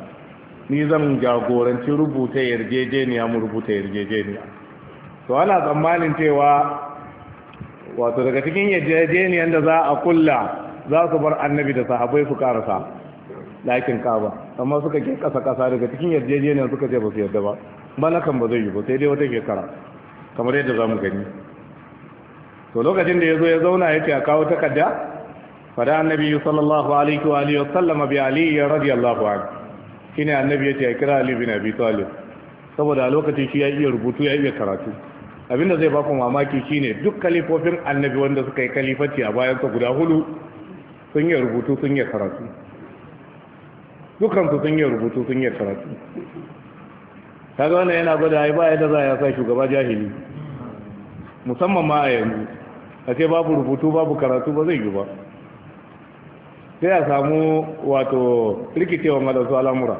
ni zan jagoranci rubuta yarjejeniya mu rubuta yarjejeniya to ana tsammanin cewa wato daga cikin yarjejeniyar da za a kulla za su bar annabi da sahabbai su karasa lakin kaba amma suka ke kasa kasa daga cikin yarjejeniyar suka ce ba su yarda ba malakan ba zai yi ba sai dai wata shekara kamar yadda za mu gani to lokacin da ya zo ya zauna ya ce a kawo takarda fada annabi sallallahu alaihi wa alihi sallama bi ali radiyallahu anhu shine annabi ya ce ya kira ali bin abi talib saboda a lokacin shi ya iya rubutu ya iya karatu abinda zai baku mamaki shine duk kalifofin annabi wanda suka yi kalifati a bayan bayansa guda hudu sun yi rubutu sun yi karatu dukansu sun yi rubutu sun yi karatu kaga wannan yana gwada ya ba yadda za ya sa shugaba jahili musamman ma a yanzu a ce babu rubutu babu karatu ba zai yi ba sai a samu wato rikicewa madasu al'amura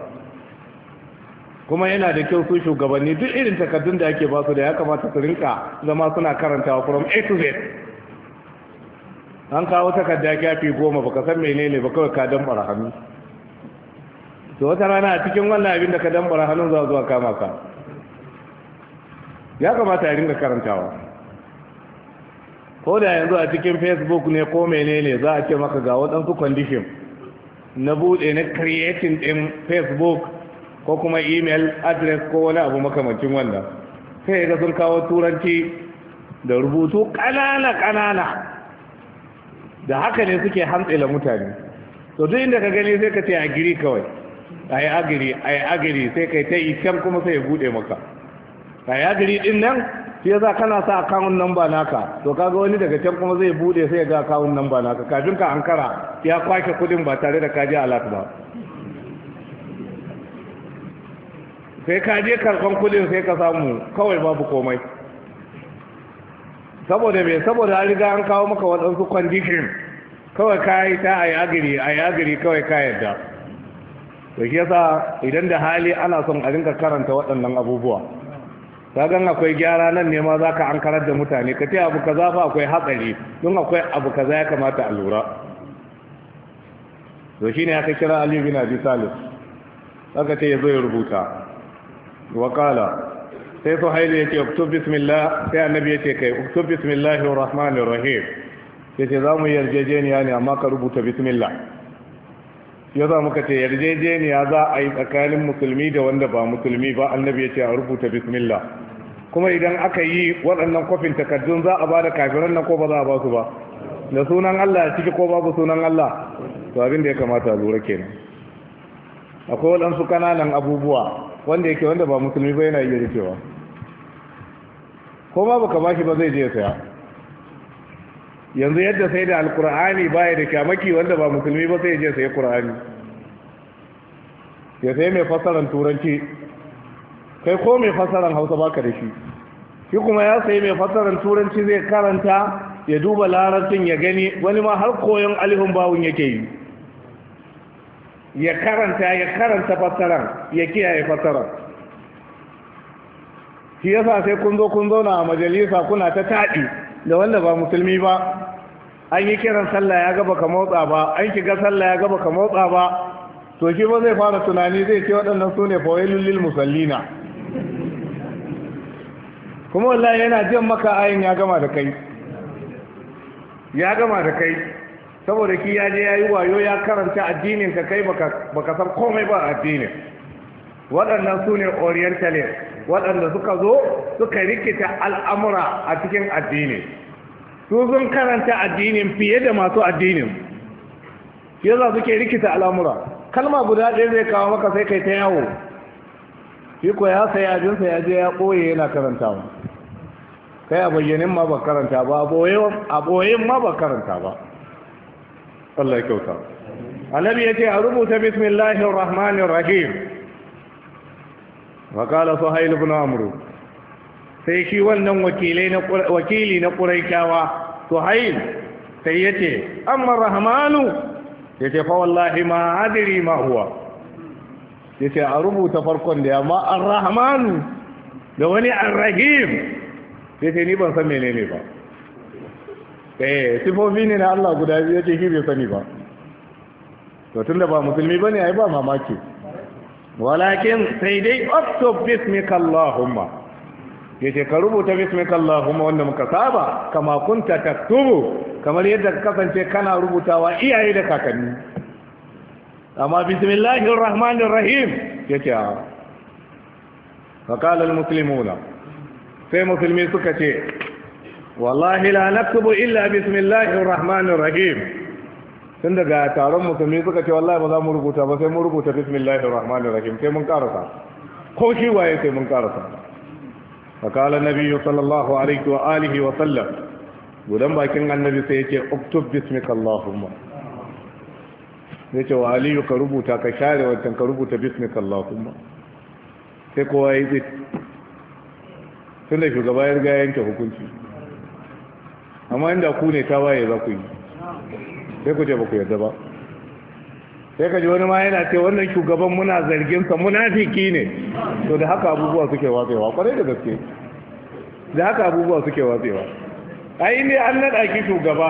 kuma yana da kyau su shugabanni duk irin takardun da ake basu da ya kamata su rinka zama suna karantawa from a to z an kawo takarda fi goma baka san menene ba kawai ka dan hannu to wata rana a cikin wannan abin da ka dambara hannun zuwa zuwa kama ka ya kamata ya ringa karantawa ko da yanzu a cikin facebook ne ko menene za a ce maka ga waɗansu condition na buɗe na creating ɗin facebook ko kuma email address ko wani abu makamancin wannan sai ga sun kawo turanci da rubutu ƙanana-ƙanana da haka ne suke hantsila mutane to duk inda ka gani sai ka ce a giri kawai Ka yi agiri a yi agiri sai kai ta yi can kuma sai ya bude maka a yi agiri din nan shi yasa kana sa akawun namba naka to kaga wani daga can kuma zai bude sai ga akawun namba naka kafin ka ankara ya kwashe kudin ba tare da kaji alat ba sai ka je karban kudin sai ka samu kawai babu komai saboda me saboda an riga an kawo maka waɗansu condition kawai ka yi ta a yi agiri a yi agiri kawai ka da. to shi yasa idan da hali ana son a rinka karanta waɗannan abubuwa gan akwai gyara nan ne ma zaka an karar da mutane ka ce abu kaza fa akwai hatsari don akwai abu kaza ya kamata a lura to shine aka kira Ali bin Abi Talib aka ce yazo ya rubuta wa qala sai Suhail yake uktub bismillah sai annabi yake kai uktub bismillahir rahmanir rahim yace zamu yarjejeniya ne amma ka rubuta bismillah ya za muka ce yarjejeniya za a yi tsakanin musulmi da wanda ba musulmi ba annabi ya ce a rubuta bismillah kuma idan aka yi waɗannan kwafin takardun za a ba da kafiran na ko ba za a ba su ba da sunan Allah ya ciki ko babu sunan Allah to abin da ya kamata a lura kenan akwai waɗansu kananan abubuwa wanda yake wanda ba musulmi ba yana iya rikewa ko ma baka shi ba zai je ya saya yanzu yadda sai da alkur'ani baya da kyamaki wanda ba musulmi ba sai je sai kur'ani ya sai mai fasaran turanci kai ko mai fasaran hausa baka da shi shi kuma ya sai mai fasaran turanci zai karanta ya duba larabcin ya gani wani ma har koyon alihun bawun yake yi ya karanta ya karanta fasaran ya kiyaye fasaran shi yasa sai kun zo kun zauna a majalisa kuna ta taɗi da wanda ba musulmi ba an yi kiran sallah ya gaba ka motsa ba an ga sallah ya gaba ka motsa ba to shi ba zai fara tunani zai ce waɗannan su ne lil musallina kuma wallahi yana jan maka ayin ya gama da kai ya gama da kai saboda ki ya je ya yi wayo ya karanta addinin ka kai baka san komai ba addinin waɗannan su ne waɗanda suka zo suka rikita al'amura a cikin addini su sun karanta addinin fiye da masu addinin yadda suke rikita al'amura kalma guda ɗaya zai kawo maka sai kai ta yawo shi ko ya sai ajinsa ya je ya ɓoye yana karantawa kai a bayyanin ma ba karanta ba a ɓoyen ma ba karanta ba Allah ya kyauta annabi ya ce a rubuta bismillahir rahmanir rahim wa qala بن عمرو sai shi wannan wakili na wakili na quraishawa suhayl sai yace amma rahmanu yace fa wallahi ma adri ma huwa yace a rubuta farkon da amma ar-rahmanu da wani ar-rahim yace ni ban san menene ba eh sifofi ne na Allah guda biyu yace shi bai sani ba to tunda ba musulmi bane ai ba mamaki walakin sai dai oktob bismika Allahumma ya ce ka rubuta bismika Allahumma wanda muka saba kama kunta taktubu kamar yadda ka kasance kana rubutawa iyaye da kakanni amma bismillahir rahmanir rahim ya ce a faƙalar musulmuna sai musulmi suka ce wallahi la naktubu illa bismillahir rahmanir rahim tun daga taron musulmi suka ce wallahi ba za mu rubuta ba sai mun rubuta bismillahir rahmanir rahim sai mun karasa ko shi waye sai mun karasa fakala nabiyyu sallallahu alaihi wa alihi wa sallam gudan bakin annabi sai yake uktub bismika allahumma yace wa aliyu ka rubuta ka share wancan ka rubuta bismika allahumma sai kowa ya yi tun da shugaba ya riga yanke hukunci amma inda ku ne ta waye za ku yi sai ku je ba ku yarda ba sai ka ji wani ma yana ce wannan shugaban muna zargin sa munafiki ne to da haka abubuwa suke watsewa kwarai da gaske da haka abubuwa suke watsewa ai ne an nada ki shugaba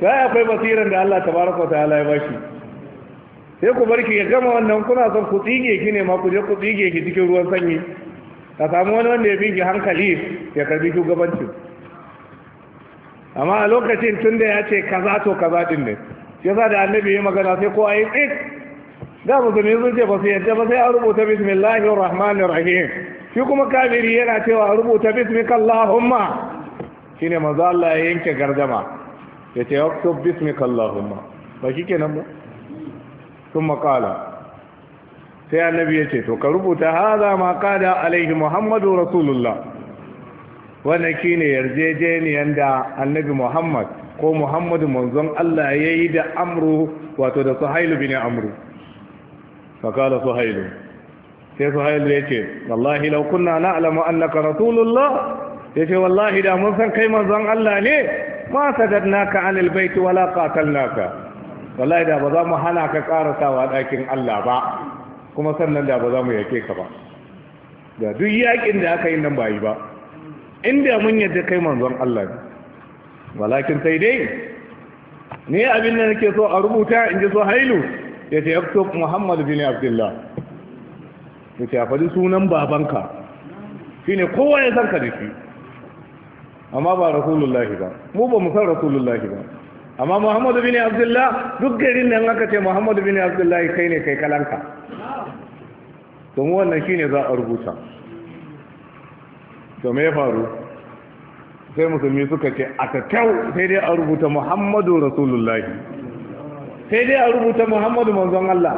sai akwai basiran da Allah tabaraka ta'ala ya bashi sai ku barki ya gama wannan kuna son ku tsige ki ne ma ku je ku tsige ki cikin ruwan sanyi ka samu wani wanda ya bi ki hankali ya karbi shugabancin amma a lokacin tun da ya ce kaza to kaza din ne ya sa da annabi ya magana sai ko a yi tsit da musulmi sun ce ba su yadda ba sai a rubuta bismillahir rahmanir rahim shi kuma kafiri yana cewa rubuta bismika allahumma shine manzo Allah ya yanke gardama ya ce yaktub bismika allahumma ba shikenan ba sun قال sai annabi ya ce to ka rubuta haza ma kada alaihi muhammadu rasulullah wannan shine yarjejeniyar da annabi Muhammad ko Muhammadu manzon Allah yayi da Amru wato da Suhailu bin Amru fakala Suhailu sai Suhailu yace wallahi law na na'lamu annaka rasulullah yace wallahi da mun san kai manzon Allah ne ma naka anil bait wala qatalnaka wallahi da ba za mu hana ka karasawa ɗakin Allah ba kuma sannan da ba za mu yake ka ba da duk yakin da aka yi nan ba yi ba inda mun yadda kai manzon Allah ne walakin sai dai ne abin da nake so a rubuta in ji so hailu ya ce yakto Muhammad bin Abdullah ya ce a faɗi sunan babanka shine kowa ya san da shi amma ba rasulullahi ba mu ba mu san rasulullahi ba amma Muhammad bin Abdullah duk garin nan aka ce Muhammad bin Abdullah kai ne kai kalanka to mu wannan shine za a rubuta to me ya faru sai musulmi suka ce a kyau sai dai a rubuta muhammadu rasulullahi sai dai a rubuta muhammadu manzon Allah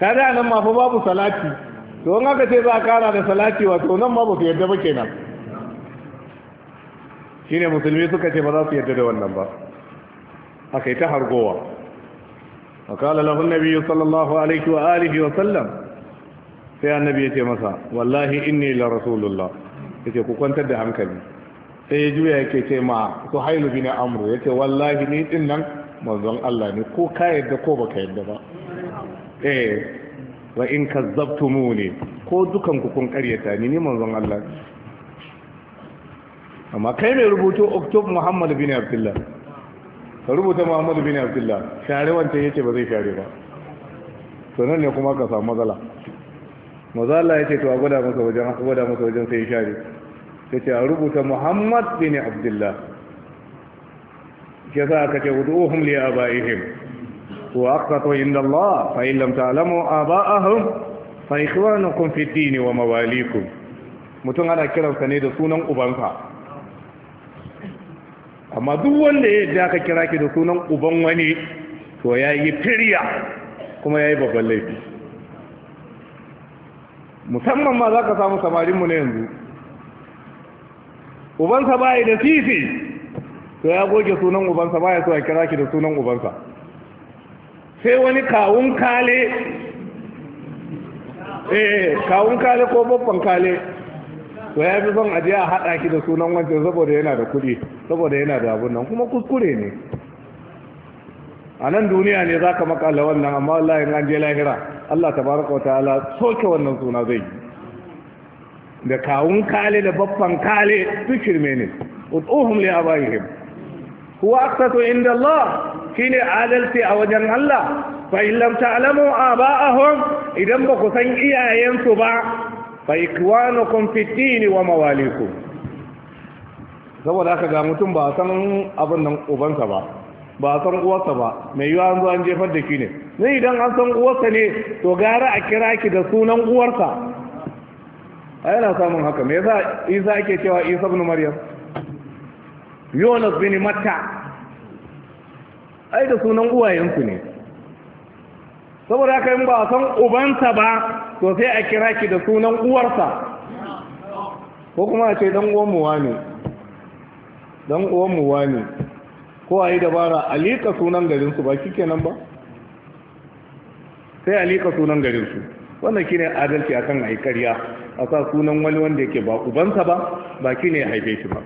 ta a nan mafi babu salati to wani aka ce za a kara da salati wato nan ma ba su yadda ba kenan shine musulmi suka ce ba za su yadda da wannan ba aka yi ta hargowa وقال له النبي صلى الله عليه وآله وسلم sai annabi ya ce masa wallahi inni la rasulullah yace ku kwantar da hankali sai ya juya yake ce ma suhailu bin amru yace wallahi ni din nan manzon Allah ne ko ka yadda ko baka yadda ba eh wa in kazzabtumuni ko dukan ku kun karyata ni ni manzon Allah amma kai mai rubutu oktob muhammad bin abdullah ka rubuta muhammad bin abdullah share wancan yace ba zai share ba sanan nan ne kuma ka samu matsala maza Allah ya ce to a gwada masa wajen a gwada wajen sai share sai ce a rubuta Muhammad bin Abdullah ke sa aka ce wuduhum li abaihim wa aqtatu inda Allah fa in lam ta'lamu abaahum fa ikhwanukum fi din wa mawaliku. mutum ana kiransa ne da sunan ubanka amma duk wanda ya yadda aka kira ki da sunan uban wani to yayi firya kuma yayi babban laifi musamman ma za ka samu samarinmu na yanzu ubansa bayi da sisi to ya goge sunan ubansa baya so a kira ki da sunan ubansa sai wani kawun kale eh kawun kale ko babban kale to ya fi son ajiya a haɗa ki da sunan wancan saboda yana da kuɗi saboda yana da abun nan kuma kuskure ne a nan duniya ne za ka makala wannan amma wallahi an je lahira Allah tabaraka wataala soke wannan suna zai yi da kawun kale da babban kale duk shirme ne ud'uhum li abaihim huwa aqsatu inda Allah shine adalci a wajen Allah fa in lam ta'lamu aba'ahum idan ba ku san iyayensu ba fa ikwanukum fi din wa mawalikum saboda haka ga mutum ba san abin nan ubansa ba ba a san uwarsa ba mai yiwa an zo an jefar da shi ne zai idan an san uwarsa ne to gara a kira ki da sunan uwarsa a yana samun haka me yasa isa ake cewa isa ibn maryam yonas bin matta ai da sunan uwayensu ne saboda haka in ba a san ubansa ba to sai a kira ki da sunan uwarsa ko kuma a ce dan uwan muwa ne dan uwan ne ko a yi dabara a liƙa sunan garinsu ba shi kenan ba sai a liƙa sunan garinsu wannan shi ne adalci a kan aikariya a sa sunan wani wanda yake ba ubansa ba ba shi ne haife shi ba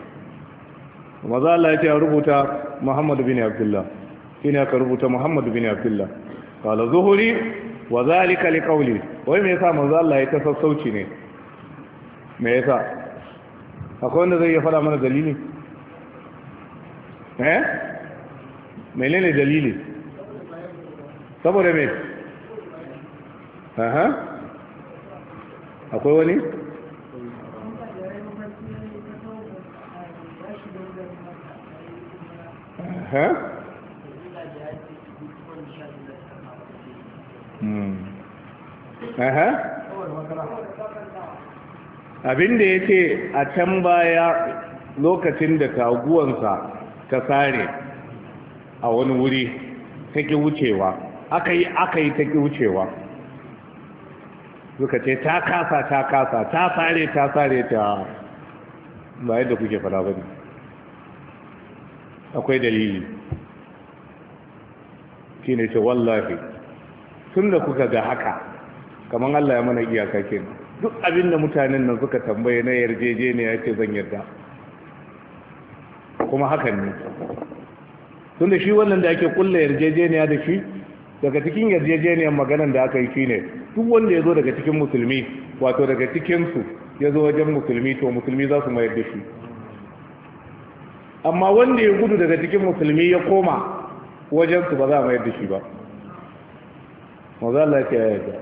maza Allah ya ce rubuta Muhammadu bin Abdullah shi ne aka rubuta Muhammadu bin Abdullah kala zuhuri wa zalika li qawli wai me yasa maza Allah ya ta sassauci ne me yasa akwai wanda zai iya fara mana dalili eh menene dalili saboda me aha akwai wani aha hmm. aha abinda ya ce a can baya lokacin da taguwansa ka sare a wani wuri ta ki wucewa aka yi aka yi ta ki wucewa suka ce ta kasa ta kasa ta sare ta sare ta ba yadda kuke fara ba ne akwai dalili shi ne ce wallafi tun da kuka ga haka kamar Allah ya mana iyaka kenan duk abin da mutanen nan suka tambaye na yarjejeniya ce zan yarda kuma hakan ne tun da shi wannan da ake kulla yarjejeniya da shi daga cikin yarjejeniyar maganan da aka yi shi ne duk wanda ya zo daga cikin musulmi wato daga cikinsu ya zo wajen musulmi to musulmi za su mayar da shi amma wanda ya gudu daga cikin musulmi ya koma wajensu ba za a mayar da shi ba maza Allah ce yaya ga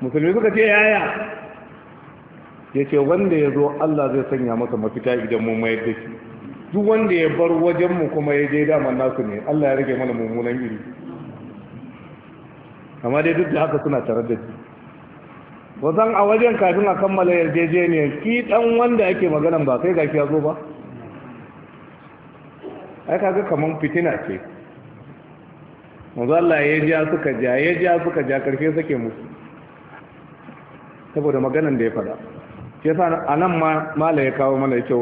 musulmi suka ce yaya ya ce wanda ya zo Allah zai sanya masa mafita idan mun mayar da shi duk wanda ya bar wajenmu kuma ya je daman nasu ne Allah ya rage mana mummunan iri amma dai duk da haka suna tare da shi wasan a wajen kafin a kammala yarjejeniyar ki dan wanda ake maganan ba kai gashi ya zo ba ai kaga kaman fitina ce manzo Allah ya ja suka ja ya ja suka ja karfe suke musu saboda maganan da ya faɗa shi yasa anan ma mala ya kawo mana ya ce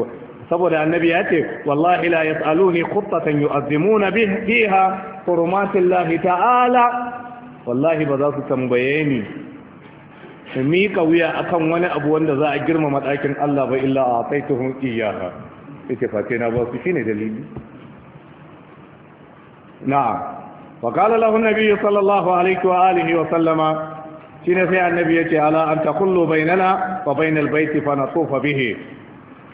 saboda annabi ya ce wallahi la yas'aluni khuttatan yu'azzimuna biha hurmatillahi ta'ala wallahi ba za su tambaye ni su miƙa wuya akan wani abu wanda za a girmama ɗakin Allah ba illa a taituhun iyaha yake fate na ba su shine dalili na'am wa qala lahu an-nabi sallallahu alaihi wa alihi wa sallama shine sai annabi yace ala an taqullu bainana wa bainal baiti fa natufa bihi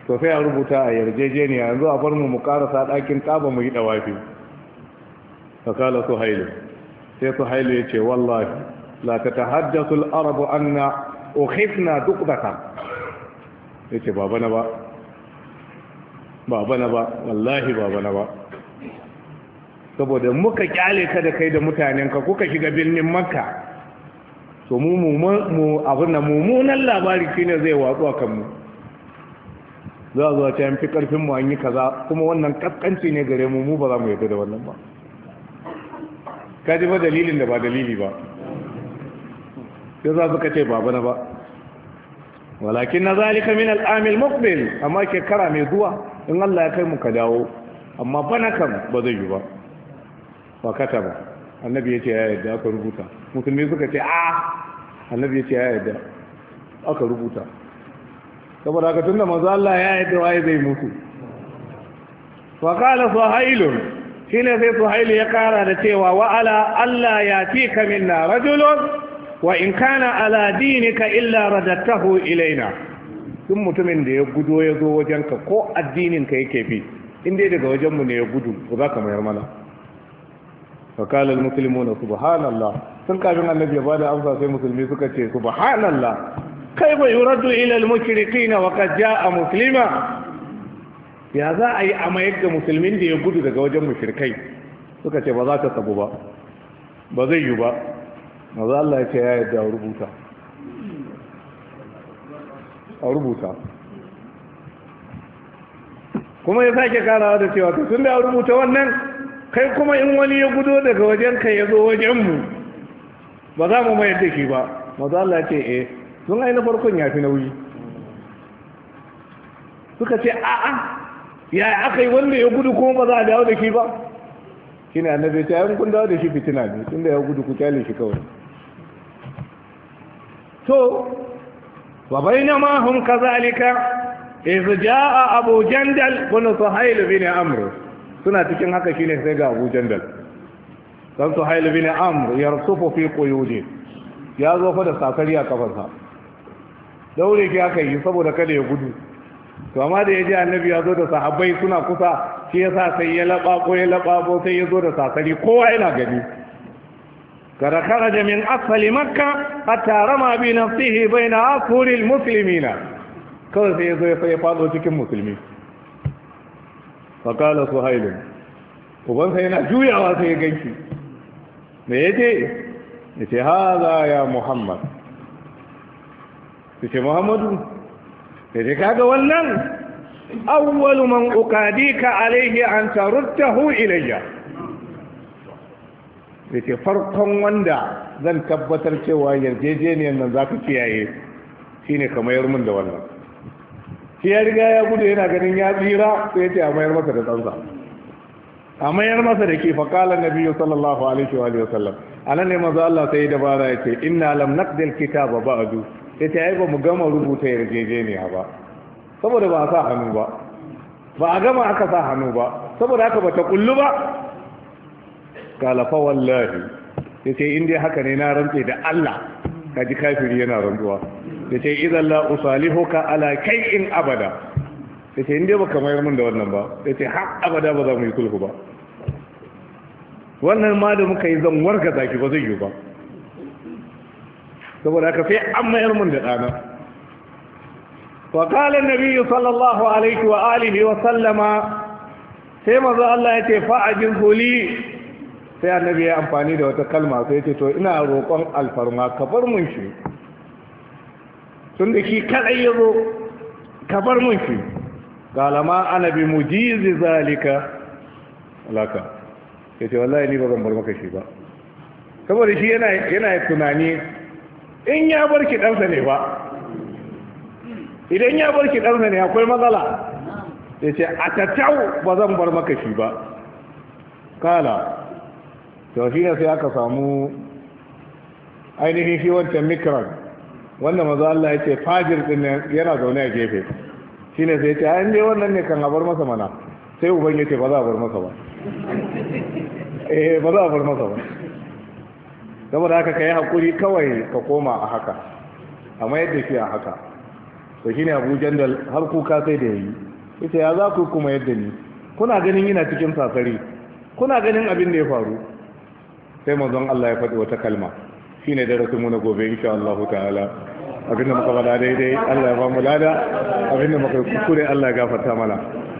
to sai a rubuta a yarjejeniya yanzu a bar mu mu karasa ɗakin ƙaba mu yi ɗawafi fakala su hailu sai su hailu ya ce wallahi la ta tahaddasul arabu anna ukhifna ya ce baba na ba baba na ba wallahi baba na ba saboda muka kyale ka da kai da mutanen ka kuka shiga birnin makka to mu mu abin da mummunan labari shine zai watsu a kanmu za zuwa ta yanfi karfin mu an yi kaza kuma wannan kaskanci ne gare mu mu ba za mu yadda da wannan ba kaji ba dalilin da ba dalili ba ya za su kace ba bana ba walakin na zalika min al'amil muqbil amma shekara mai zuwa in Allah ya kai mu ka dawo amma bana kam ba zai yi ba ba kata ba annabi ya ce ya yadda aka rubuta musulmi suka ce a ah! annabi ya ce ya yadda aka rubuta saboda haka da manzo Allah ya yi da waye zai mutu wa qala suhailun shine sai suhail ya kara da cewa wa ala alla yatika minna rajulun wa in kana ala dinika illa radatahu ilaina duk mutumin da ya gudo ya zo wajenka ko addinin ka yake bi in dai daga wajenmu ne ya gudu ba za ka mayar mana فقال المسلمون سبحان الله sun kafin annabi ya bada amsa sai musulmi suka ce subhanallah kai ba bai yuraddu ilal mushrikina wa qad a muslima ya za a yi a mayar da musulmin da ya gudu daga wajen mushrikai suka ce ba za ta sabu ba ba zai yi ba maza Allah ya ce ya yadda a rubuta a rubuta kuma ya sake karawa da cewa ta, tun da a rubuta wannan kai kuma in wani ya gudu daga wajen ka ya zo wajenmu ba za mu mayar da shi ba maza Allah ya ce eh sun ai na farkon ya fi nauyi suka ce a'a ya aka yi wanda ya gudu kuma ba za a dawo da shi ba shine annabi ta yan kun dawo da shi fitina ne tunda ya gudu ku kyale shi kawai to wa bainama hum kazalika iz jaa abu jandal wa suhayl bin amr suna cikin haka shine sai ga abu jandal dan suhayl bin amr yarsufu fi quyudi ya zo fa da sakari a kafarsa daure ke aka yi saboda kada ya gudu to amma da ya ji annabi ya zo da sahabbai suna kusa shi yasa sai ya laba ko ya laba ko sai ya zo da sasari kowa yana gani kada kharaja min asfali makka hatta rama bi nafsihi baina aquril muslimina kawai sai ya zo ya fado cikin musulmi fa qala suhayl uban sai yana juyawa sai ya ganki me yace yace haza ya muhammad su ce muhammadu da ce kaga wannan awwalu man ukadika alayhi an tarutahu ilayya da ce farkon wanda zan tabbatar cewa yarjejeniyar nan za ka kiyaye shine ka mayar min da wannan shi ya riga ya gudu yana ganin ya tsira sai ya ce a mayar masa da tsansa a mayar masa da ke faƙalar na biyu sallallahu alaihi wa sallam a nan ne maza Allah sai dabara ya ce inna lam naqdil kitaba ba'du ya ce ba mu gama rubuta yarjejeniya ba saboda ba a sa hannu ba ba a gama aka sa hannu ba saboda haka ba ta kullu ba galafa wallahi ya ce inda haka ne na rantse da Allah ka ji kafiri yana rantsuwa ya ce idan la usalihu ka ala kai in abada ya ce inda ba kamar mun da wannan ba ya ce har abada ba za mu yi sulhu ba wannan ma da muka yi zan warga zaki ba zai yi ba saboda haka sai an mayar mun da ɗana wa qala an-nabi sallallahu alaihi wa alihi wa sallama sai manzo Allah ya ce fa'ajin huli sai annabi ya amfani da wata kalma sai ya to ina roƙon alfarma ka bar mun shi Tunda da shi kadai ya ka bar mun shi galama ana bi mujizi zalika laka ya ce wallahi ni ba zan bar maka shi ba saboda shi yana tunani in ya bar ki ɗansa ne ba idan ya bar ki ɗansa ne akwai matsala ya ce a tattau ba zan bar maka shi ba kala to shi ne sai aka samu ainihin shi wancan mikran wanda maza Allah ya ce fajir din yana zaune a gefe shi ne sai ya ce an dai wannan ne kan a bar masa mana sai uban ya ce ba za a bar masa ba eh ba za a bar masa ba saboda haka ka yi haƙuri kawai ka koma a haka a mayar da shi a haka shi ne abu jandal har kuka sai da yi. ita ya za ku kuma yadda ni kuna ganin yana cikin sasari kuna ganin abin da ya faru sai mazan Allah ya faɗi wata kalma Shi ne darasin rasu na gobe insha Allah ta'ala da muka faɗa daidai Allah ya ba mu lada da muka kukure Allah ya gafarta mana